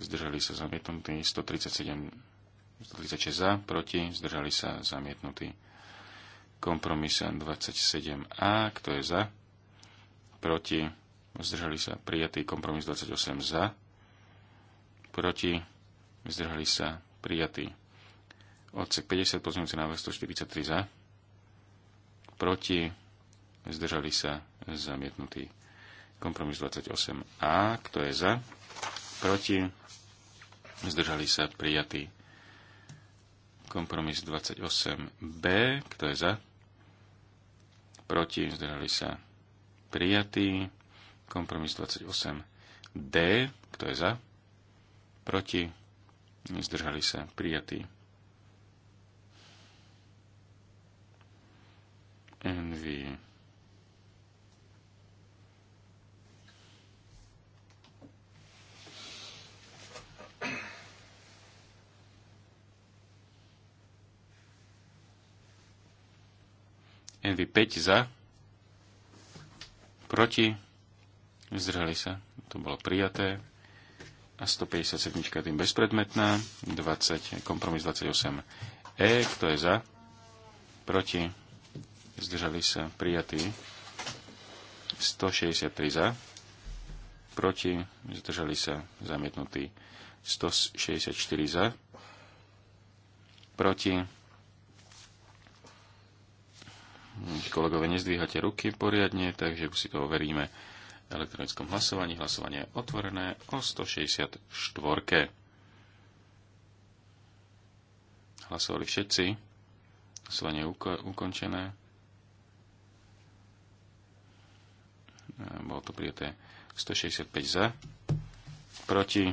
zdržali sa zamietnutí, 137, 136 za, proti, zdržali sa zamietnutí. Kompromis 27a, kto je za, proti, zdržali sa prijatý kompromis 28 za, proti, zdržali sa prijatý. Odsek 50, pozmeňujúci návrh 143 za, proti, zdržali sa zamietnutí. Kompromis 28a, kto je za, proti, zdržali sa prijatí. Kompromis 28b, kto je za? Proti, zdržali sa prijatý Kompromis 28d, kto je za? Proti, zdržali sa prijatý Envy. MV 5 za, proti, zdrhali sa, to bolo prijaté. A 157 tým bezpredmetná, 20, kompromis 28 E, kto je za, proti, zdržali sa, prijatí. 163 za, proti, zdržali sa, zamietnutí. 164 za, proti, kolegové, nezdvíhate ruky poriadne, takže si to overíme v elektronickom hlasovaní. Hlasovanie je otvorené o 164. Hlasovali všetci. Hlasovanie je ukončené. E, bolo to prijaté 165 za, proti,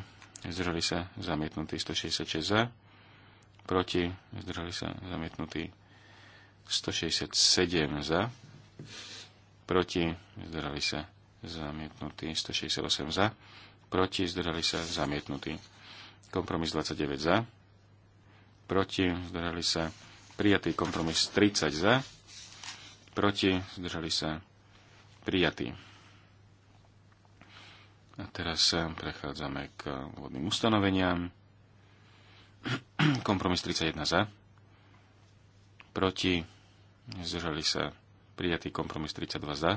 zdržali sa zamietnutí 166 za, proti, zdržali sa zamietnutí 167 za, proti, zdrali sa zamietnutí, 168 za, proti, zdržali sa zamietnutí. Kompromis 29 za, proti, zdržali sa prijatý kompromis 30 za, proti, zdržali sa prijatý. A teraz prechádzame k úvodným ustanoveniam. *clears throat* Kompromis 31 za, proti, zdržali sa prijatý kompromis 32 za,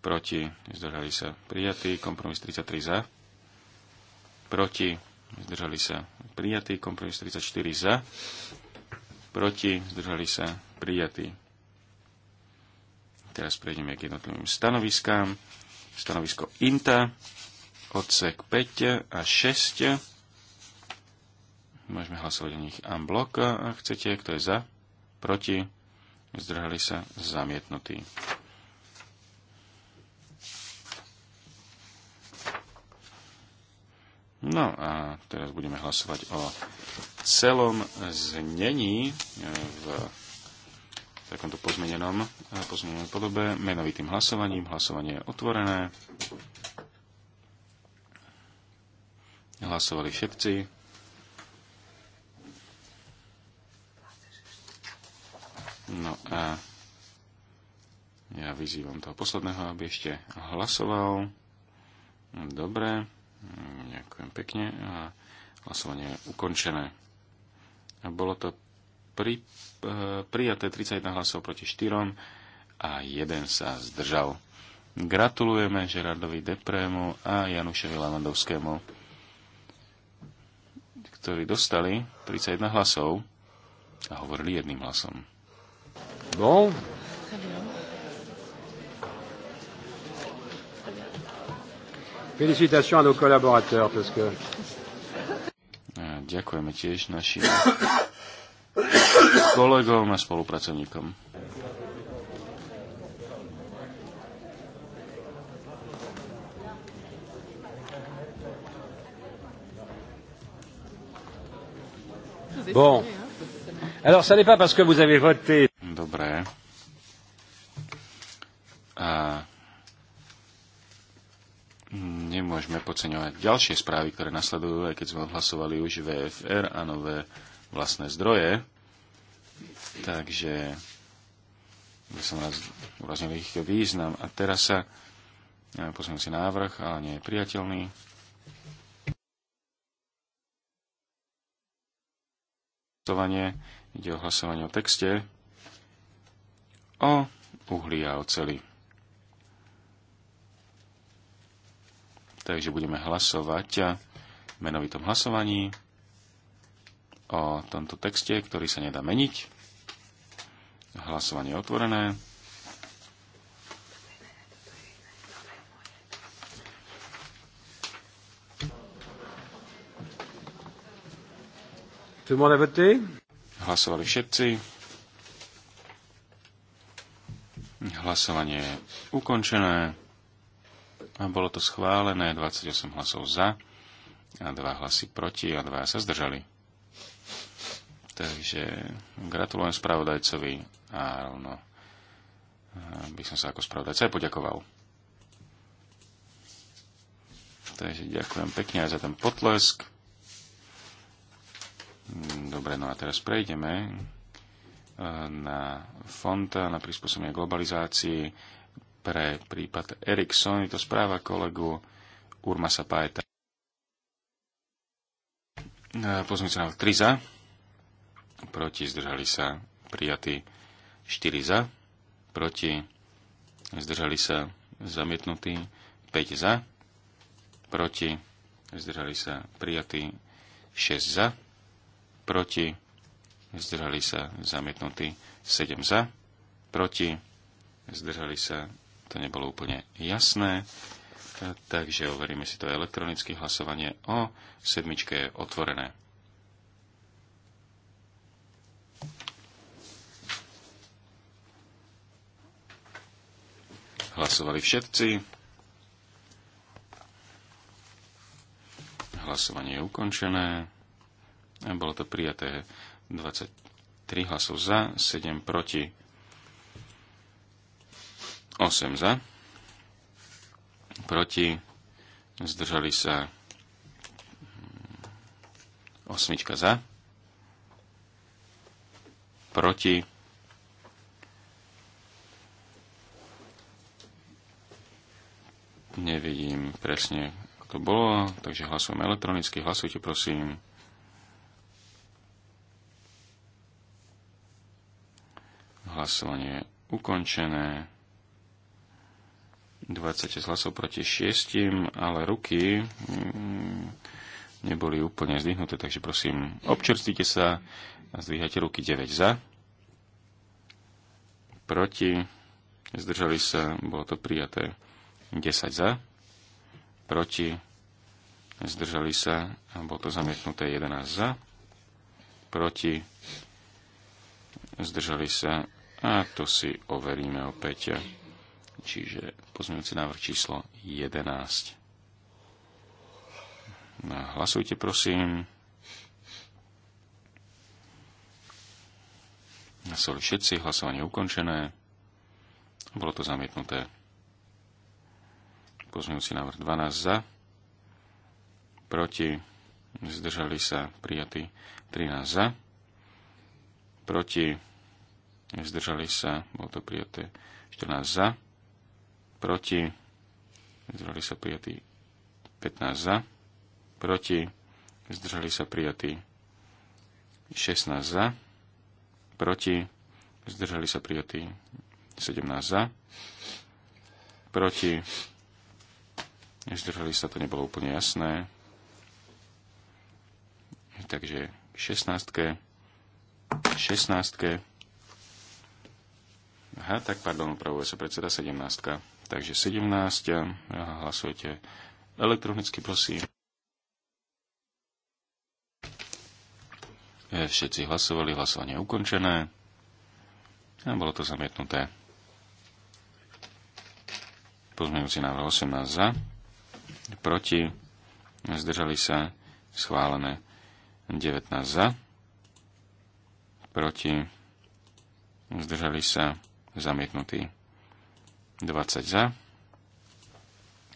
proti, zdržali sa prijatý kompromis 33 za, proti, zdržali sa prijatý kompromis 34 za, proti, zdržali sa prijatý. Teraz prejdeme k jednotlivým stanoviskám. Stanovisko INTA, odsek 5 a 6. Môžeme hlasovať o nich unblock, ak chcete, kto je za proti, zdržali sa zamietnutí. No a teraz budeme hlasovať o celom znení e, v takomto pozmenenom, e, pozmenenom podobe menovitým hlasovaním. Hlasovanie je otvorené. Hlasovali všetci. No a ja vyzývam toho posledného, aby ešte hlasoval. Dobre, ďakujem pekne a hlasovanie je ukončené. A bolo to pri, e, prijaté 31 hlasov proti 4 a jeden sa zdržal. Gratulujeme Žerardovi Deprému a Janušovi Lamandovskému, ktorí dostali 31 hlasov a hovorili jedným hlasom. Bon. No. Félicitations à nos collaborateurs parce que... Ďakujeme tiež našim kolegom a spolupracovníkom. Bon. Alors, ça n'est pas parce que vous avez voté. A nemôžeme podceňovať ďalšie správy, ktoré nasledujú, aj keď sme odhlasovali už VFR a nové vlastné zdroje. Takže by som raz uraznil ich význam. A teraz sa ja e, si návrh, ale nie je priateľný. Hlasovanie. Ide o hlasovanie o texte o uhli a oceli. Takže budeme hlasovať v menovitom hlasovaní o tomto texte, ktorý sa nedá meniť. Hlasovanie je otvorené. Hlasovali všetci. Hlasovanie je ukončené. A bolo to schválené 28 hlasov za a 2 hlasy proti a 2 sa zdržali. Takže gratulujem spravodajcovi a rovno e, by som sa ako spravodajca aj poďakoval. Takže ďakujem pekne aj za ten potlesk. Dobre, no a teraz prejdeme e, na fond na prispôsobenie globalizácii pre prípad Ericsson. Je to správa kolegu Urmasa Paeta. E, Pozmite návrh 3 za, proti zdržali sa prijatí 4 za, proti zdržali sa zamietnutí 5 za, proti zdržali sa prijatí 6 za, proti zdržali sa zamietnutí 7 za, proti zdržali sa to nebolo úplne jasné, e, takže overíme si to elektronicky. Hlasovanie o sedmičke je otvorené. Hlasovali všetci. Hlasovanie je ukončené. E, bolo to prijaté 23 hlasov za, 7 proti. 8 za, proti, zdržali sa osmička za, proti, nevidím presne, ako to bolo, takže hlasujem elektronicky, hlasujte prosím. Hlasovanie ukončené. 20 hlasov proti 6, ale ruky mm, neboli úplne zdvihnuté, takže prosím, občerstvite sa a zdvíhajte ruky 9 za. Proti, zdržali sa, bolo to prijaté 10 za. Proti, zdržali sa, a bolo to zamietnuté 11 za. Proti, zdržali sa, a to si overíme opäť čiže pozmeňujúci návrh číslo 11. No, hlasujte prosím. Hlasovali všetci, hlasovanie ukončené. Bolo to zamietnuté. Pozmeňujúci návrh 12 za, proti, zdržali sa prijatí 13 za, proti, zdržali sa, bolo to prijaté 14 za, proti, zdržali sa prijatí 15 za, proti, zdržali sa prijatí 16 za, proti, zdržali sa prijatí 17 za, proti, zdržali sa, to nebolo úplne jasné, takže 16 16 Aha, tak pardon, upravuje sa predseda 17 Takže 17. Hlasujete elektronicky, prosím. E, všetci hlasovali, hlasovanie ukončené. A bolo to zamietnuté. Pozmeňujúci návrh 18 za, proti, zdržali sa, schválené 19 za, proti, zdržali sa, zamietnutý. 20 za,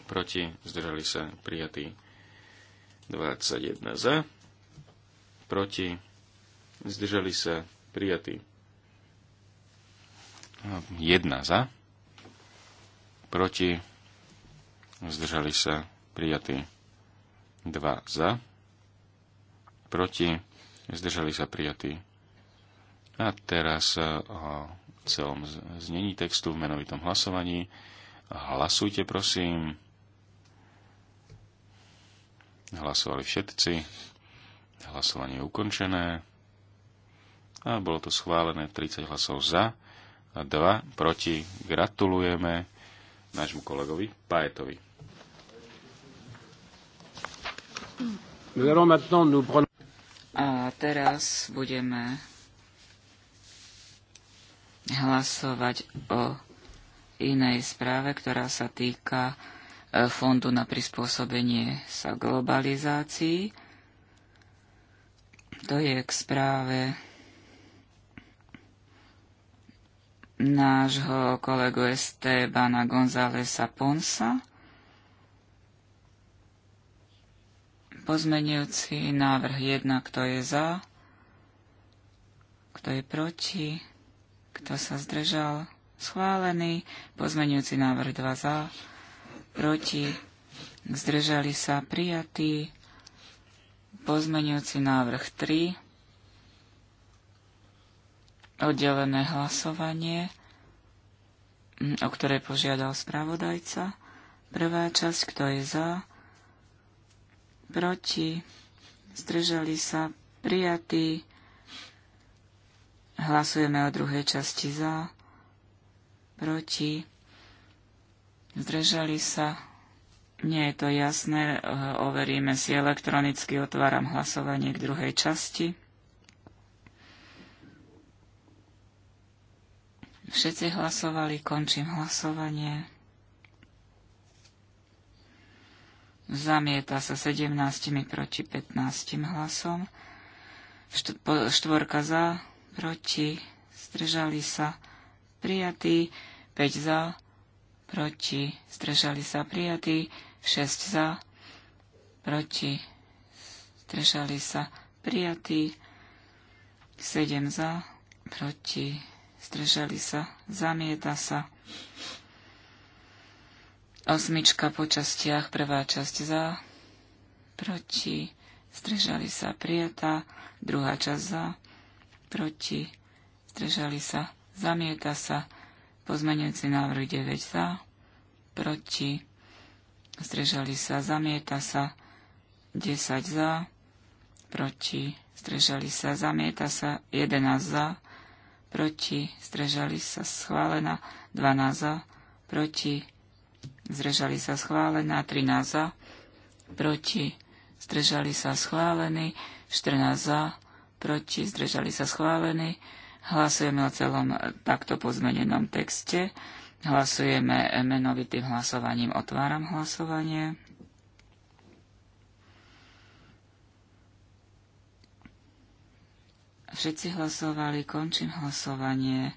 proti, zdržali sa prijatí 21 za, proti, zdržali sa prijatí 1 za, proti, zdržali sa prijatí 2 za, proti, zdržali sa prijatí. A teraz o eh, celom znení textu v menovitom hlasovaní. Hlasujte, prosím. Hlasovali všetci. Hlasovanie je ukončené. A bolo to schválené 30 hlasov za a 2 proti. Gratulujeme nášmu kolegovi Paetovi. A teraz budeme hlasovať o inej správe, ktorá sa týka e, Fondu na prispôsobenie sa globalizácii. To je k správe nášho kolegu Estebana Gonzálesa Ponsa. Pozmenujúci návrh 1, kto je za, kto je proti kto sa zdržal? Schválený. pozmenujúci návrh 2 za. Proti. Zdržali sa prijatí. pozmenujúci návrh 3. Oddelené hlasovanie, mm, o ktoré požiadal spravodajca. Prvá časť, kto je za, proti, zdržali sa, prijatí. Hlasujeme o druhej časti za, proti, zdržali sa. Nie je to jasné, eh, overíme si elektronicky, otváram hlasovanie k druhej časti. Všetci hlasovali, končím hlasovanie. Zamieta sa 17 proti 15 hlasom. Štvorka za, proti, zdržali sa prijatí, 5 za, proti, zdržali sa prijatí, 6 za, proti, zdržali sa prijatí, 7 za, proti, zdržali sa, zamieta sa. Osmička po častiach, prvá časť za, proti, zdržali sa prijatá, druhá časť za, proti, zdržali sa, zamieta sa, pozmenujúci návrh 9 za, proti, zdržali sa, zamieta sa, 10 za, proti, zdržali sa, zamieta sa, 11 za, proti, zdržali sa, schválená, 12 za, proti, zdržali sa, schválená, 13 za, proti, zdržali sa, schválený, 14 za, proti, zdržali sa schválení. Hlasujeme o celom takto pozmenenom texte. Hlasujeme menovitým hlasovaním. Otváram hlasovanie. Všetci hlasovali, končím hlasovanie.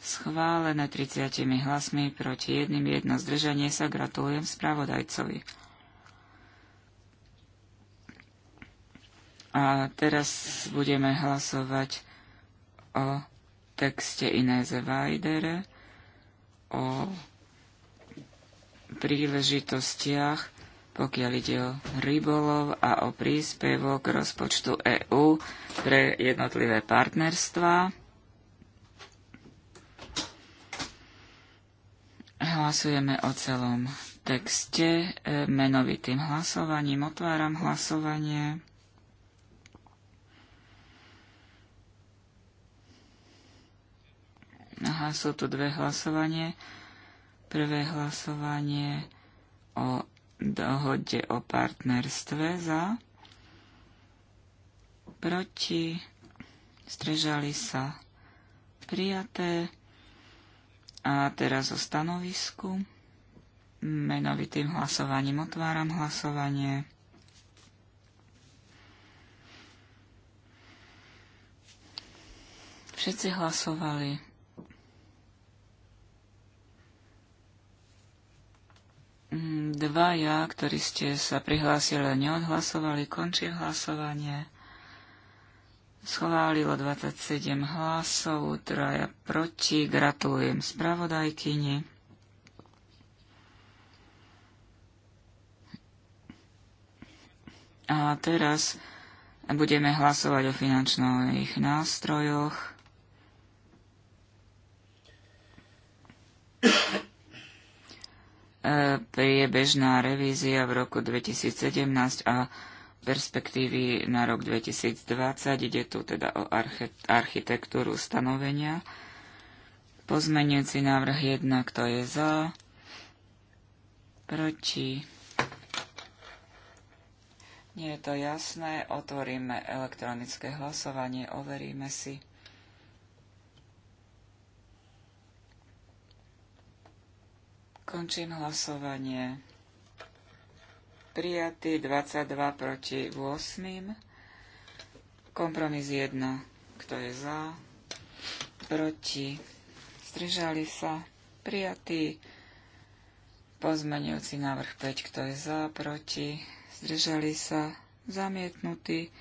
Schválené 30 hlasmi proti jedným jedno zdržanie sa gratulujem spravodajcovi. A teraz budeme hlasovať o texte Inéze Vajdere, o príležitostiach, pokiaľ ide o rybolov a o príspevok rozpočtu EÚ pre jednotlivé partnerstvá. Hlasujeme o celom texte e, menovitým hlasovaním. Otváram hlasovanie. Aha, sú tu dve hlasovanie. Prvé hlasovanie o dohode o partnerstve za, proti, strežali sa prijaté. A teraz o stanovisku. Menovitým hlasovaním otváram hlasovanie. Všetci hlasovali. Mm, dvaja, ktorí ste sa prihlásili a neodhlasovali, končí hlasovanie. Schválilo 27 hlasov, traja proti. Gratulujem spravodajkyni. A teraz budeme hlasovať o finančných nástrojoch priebežná revízia v roku 2017 a perspektívy na rok 2020. Ide tu teda o architektúru stanovenia. Pozmenujúci návrh 1, kto je za, proti. Nie je to jasné, otvoríme elektronické hlasovanie, overíme si. Končím hlasovanie. Prijatý 22 proti 8. Kompromis 1. Kto je za? Proti. Strižali sa. Prijatý. Pozmenujúci návrh 5. Kto je za? Proti. Zdržali sa. Zamietnutý.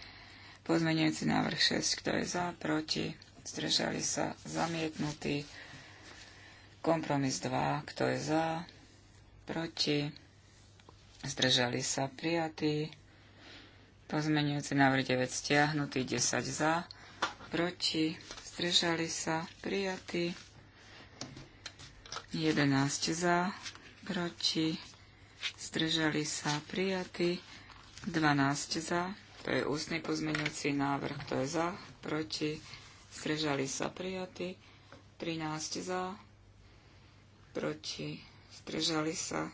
Pozmenujúci návrh 6. Kto je za? Proti. Zdržali sa. Zamietnutý. Kompromis 2. Kto je za? Proti? Zdržali sa prijatí. Pozmenujúci návrh 9 stiahnutý, 10 za, proti, zdržali sa, prijatí, 11 za, proti, zdržali sa, prijatí, 12 za, to je ústny pozmenujúci návrh, kto je za, proti, zdržali sa, prijatí, 13 za, proti, zdržali sa.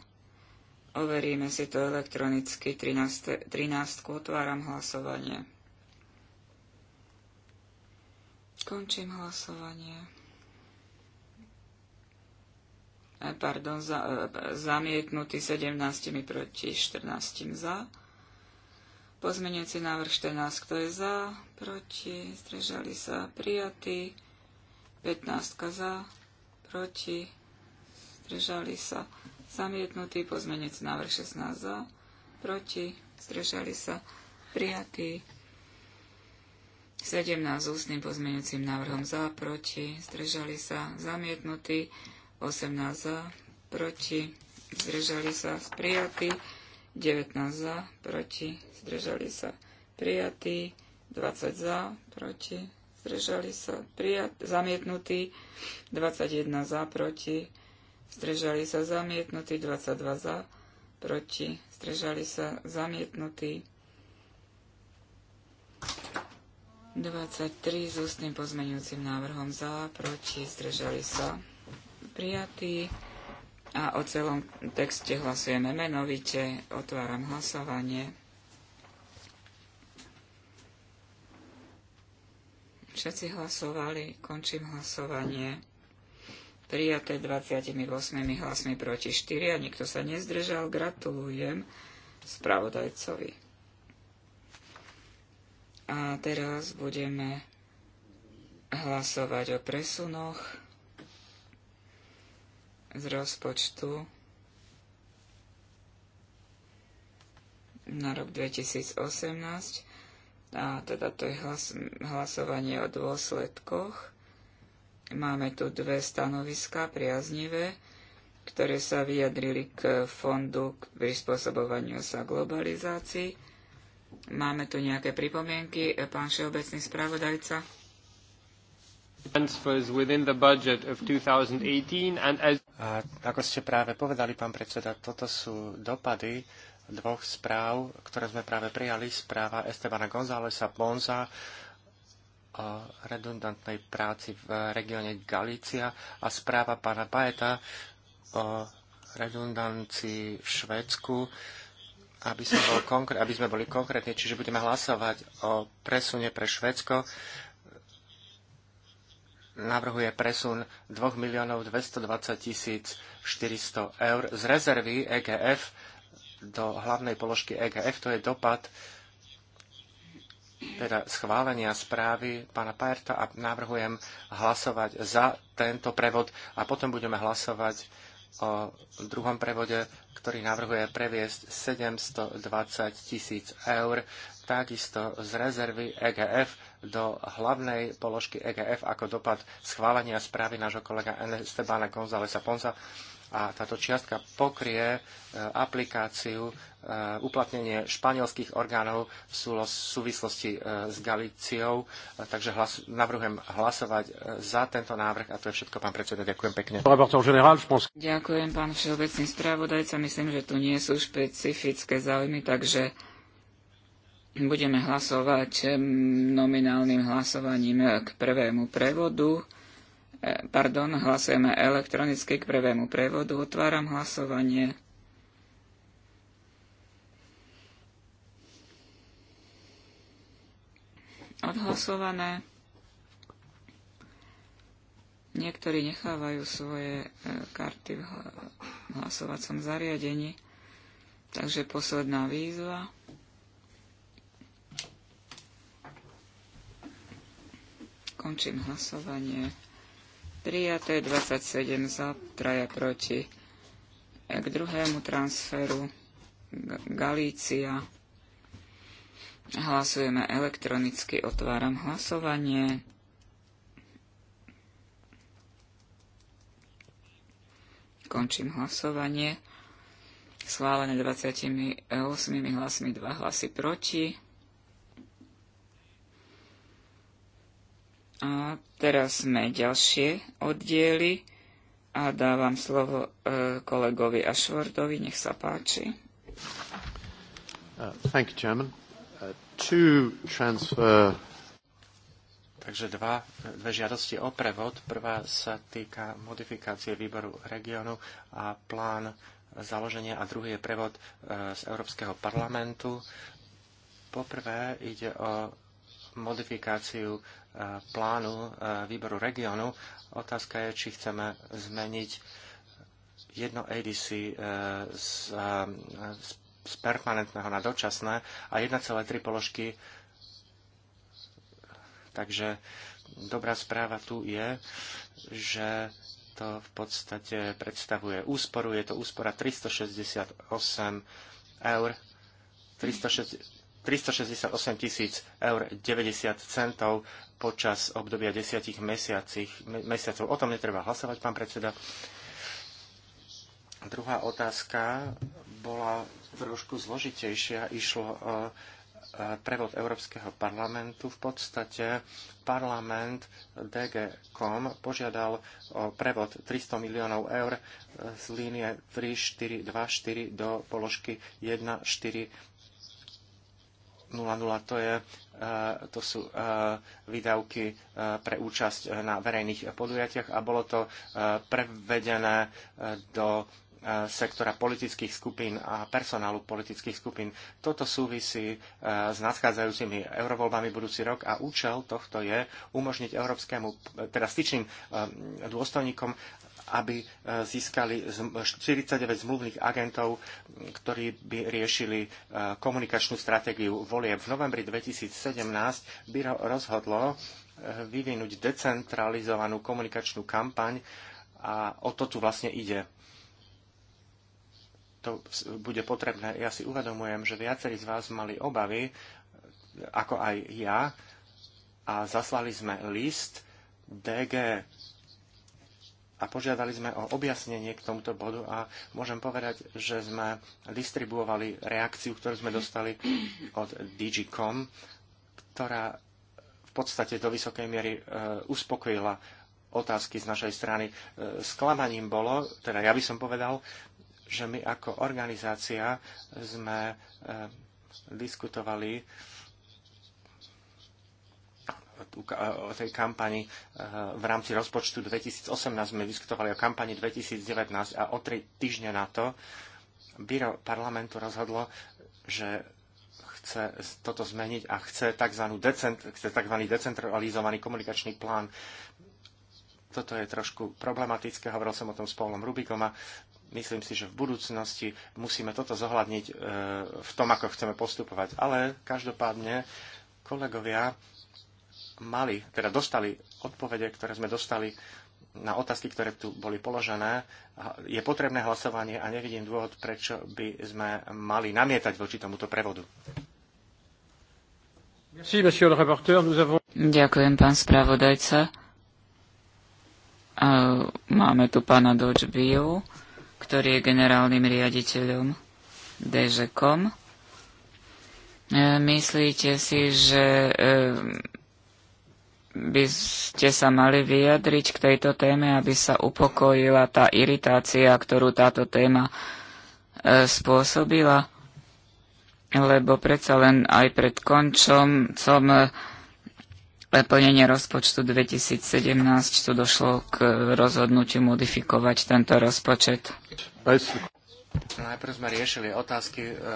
Overíme si to elektronicky. 13, 13 otváram hlasovanie. Končím hlasovanie. E, pardon, za, e, zamietnutý 17 proti 14 za. Pozmeniaci návrh 14, kto je za, proti, zdržali sa, prijatý. 15 za, proti, zdržali sa, zamietnutý pozmenec návrh 16 za, proti, zdržali sa, prijatý 17 s ústnym pozmenujúcim návrhom za, proti, zdržali sa, zamietnutý 18 za, proti, zdržali sa, prijatý 19 za, proti, zdržali sa, prijatý 20 za, proti, zdržali sa, prijat, zamietnutý 21 za, proti, zdržali sa zamietnutí, 22 za, proti, zdržali sa zamietnutí, 23 s ústnym pozmeňujúcim návrhom za, proti, zdržali sa prijatí. A o celom texte hlasujeme menovite. Otváram hlasovanie. Všetci hlasovali. Končím hlasovanie prijaté 28 hlasmi proti 4 a nikto sa nezdržal. Gratulujem spravodajcovi. A teraz budeme hlasovať o presunoch z rozpočtu na rok 2018. A teda to je hlas, hlasovanie o dôsledkoch Máme tu dve stanoviska priaznivé, ktoré sa vyjadrili k fondu k prispôsobovaniu sa globalizácii. Máme tu nejaké pripomienky, e, pán všeobecný spravodajca? A ako ste práve povedali, pán predseda, toto sú dopady dvoch správ, ktoré sme práve prijali. Správa Estebana Gonzálesa Bonza o redundantnej práci v regióne Galícia a správa pána Paeta o redundancii v Švédsku, aby, sme, bol konkr- aby sme boli konkrétni, čiže budeme hlasovať o presune pre Švédsko. Navrhuje presun 2 miliónov 220 tisíc 400 eur z rezervy EGF do hlavnej položky EGF, to je dopad teda schválenia správy pána Pajerta a navrhujem hlasovať za tento prevod a potom budeme hlasovať o druhom prevode, ktorý navrhuje previesť 720 tisíc eur takisto z rezervy EGF do hlavnej položky EGF ako dopad schválenia správy nášho kolega Estebana Gonzálesa Ponza a táto čiastka pokrie e, aplikáciu e, uplatnenie španielských orgánov v súvislosti e, s Galíciou. Takže hlas, navrhujem hlasovať za tento návrh a to je všetko, pán predseda. Ďakujem pekne. Ďakujem, pán všeobecný spravodajca. Myslím, že tu nie sú špecifické záujmy, takže budeme hlasovať nominálnym hlasovaním k prvému prevodu. Pardon, hlasujeme elektronicky k prvému prevodu. Otváram hlasovanie. Odhlasované. Niektorí nechávajú svoje e, karty v hlasovacom zariadení. Takže posledná výzva. Končím hlasovanie. Prijaté 27 za, traja proti. E, k druhému transferu Galícia. Hlasujeme elektronicky, otváram hlasovanie. Končím hlasovanie. Schválené 28 hlasmi, 2 hlasy proti. A teraz sme ďalšie oddiely a dávam slovo e, kolegovi Ashwardovi, nech sa páči. Uh, thank you, Chairman. Uh, two transfer Takže dva, dve žiadosti o prevod. Prvá sa týka modifikácie výboru regiónu a plán založenia a druhý je prevod uh, z Európskeho parlamentu. Poprvé ide o modifikáciu E, plánu e, výboru regiónu. Otázka je, či chceme zmeniť jedno ADC e, z, z permanentného na dočasné a 1,3 položky. Takže dobrá správa tu je, že to v podstate predstavuje úsporu. Je to úspora 368 eur. 360, 368 tisíc eur 90 centov počas obdobia desiatich mesiacov. O tom netreba hlasovať, pán predseda. Druhá otázka bola trošku zložitejšia. Išlo o e, e, prevod Európskeho parlamentu. V podstate parlament DG.com požiadal o prevod 300 miliónov eur e, z línie 3424 do položky 14 to, je, eh, to sú eh, výdavky eh, pre účasť na verejných podujatiach a bolo to prevedené do sektora politických skupín a personálu politických skupín. Toto súvisí s nadchádzajúcimi eurovoľbami budúci rok a účel tohto je umožniť európskemu, teda styčným dôstojníkom, aby e, získali 49 zmluvných agentov, ktorí by riešili e, komunikačnú stratégiu volieb. V novembri 2017 by rozhodlo e, vyvinúť decentralizovanú komunikačnú kampaň a o to tu vlastne ide to bude potrebné. Ja si uvedomujem, že viacerí z vás mali obavy, ako aj ja, a zaslali sme list DG a požiadali sme o objasnenie k tomuto bodu a môžem povedať, že sme distribuovali reakciu, ktorú sme dostali od DigiCom, ktorá v podstate do vysokej miery e, uspokojila otázky z našej strany. E, sklamaním bolo, teda ja by som povedal, že my ako organizácia sme e, diskutovali o tej kampani eh, v rámci rozpočtu 2018 sme diskutovali o kampani 2019 a o tri týždňa na to biro parlamentu rozhodlo, že chce toto zmeniť a chce tzv. Decent, chce tzv. decentralizovaný komunikačný plán. Toto je trošku problematické, hovoril som o tom s Paulom Rubikom a myslím si, že v budúcnosti musíme toto zohľadniť eh, v tom, ako chceme postupovať. Ale každopádne, kolegovia, mali, teda dostali odpovede, ktoré sme dostali na otázky, ktoré tu boli položené. Je potrebné hlasovanie a nevidím dôvod, prečo by sme mali namietať voči tomuto prevodu. Ďakujem, pán spravodajca. Máme tu pána Dodgebyu, ktorý je generálnym riaditeľom DŽKOM. E, myslíte si, že by ste sa mali vyjadriť k tejto téme, aby sa upokojila tá iritácia, ktorú táto téma e, spôsobila? Lebo predsa len aj pred končom som e, plnenie rozpočtu 2017 tu došlo k rozhodnutiu modifikovať tento rozpočet. Najprv sme riešili otázky e,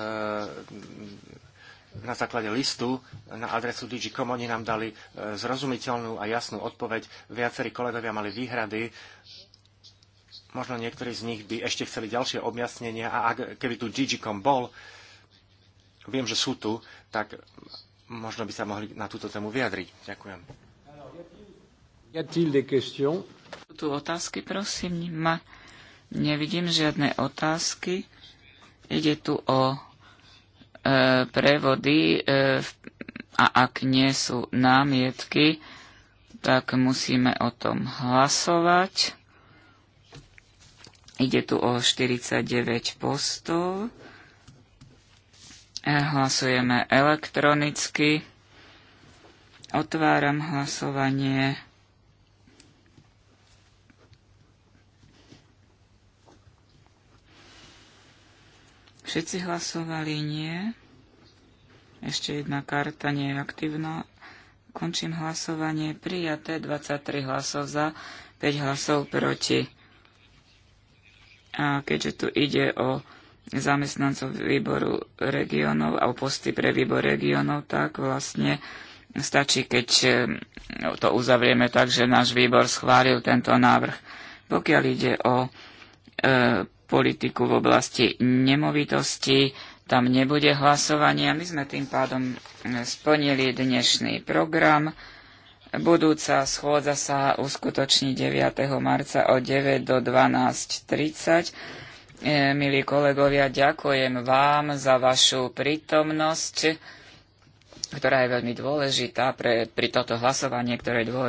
na základe listu na adresu DigiCom oni nám dali e, zrozumiteľnú a jasnú odpoveď. Viacerí kolegovia mali výhrady. Možno niektorí z nich by ešte chceli ďalšie objasnenia a ak, keby tu DigiCom bol, viem, že sú tu, tak možno by sa mohli na túto tému vyjadriť. Ďakujem. Sú tu otázky, prosím. Ma... Nevidím žiadne otázky. Ide tu o E, prevody e, a ak nie sú námietky, tak musíme o tom hlasovať. Ide tu o 49 postov. E, hlasujeme elektronicky. Otváram hlasovanie. Všetci hlasovali nie. Ešte jedna karta nie je aktívna. Končím hlasovanie. Prijaté 23 hlasov za, 5 hlasov proti. A keďže tu ide o zamestnancov výboru regionov a o posty pre výbor regionov, tak vlastne stačí, keď e, to uzavrieme tak, že náš výbor schválil tento návrh. Pokiaľ ide o e, politiku v oblasti nemovitosti, tam nebude a My sme tým pádom mm, splnili dnešný program. Budúca schôdza sa uskutoční 9. marca od 9 do 12.30. E, milí kolegovia, ďakujem vám za vašu prítomnosť, ktorá je veľmi dôležitá pre, pri toto hlasovanie, ktoré je dôležité.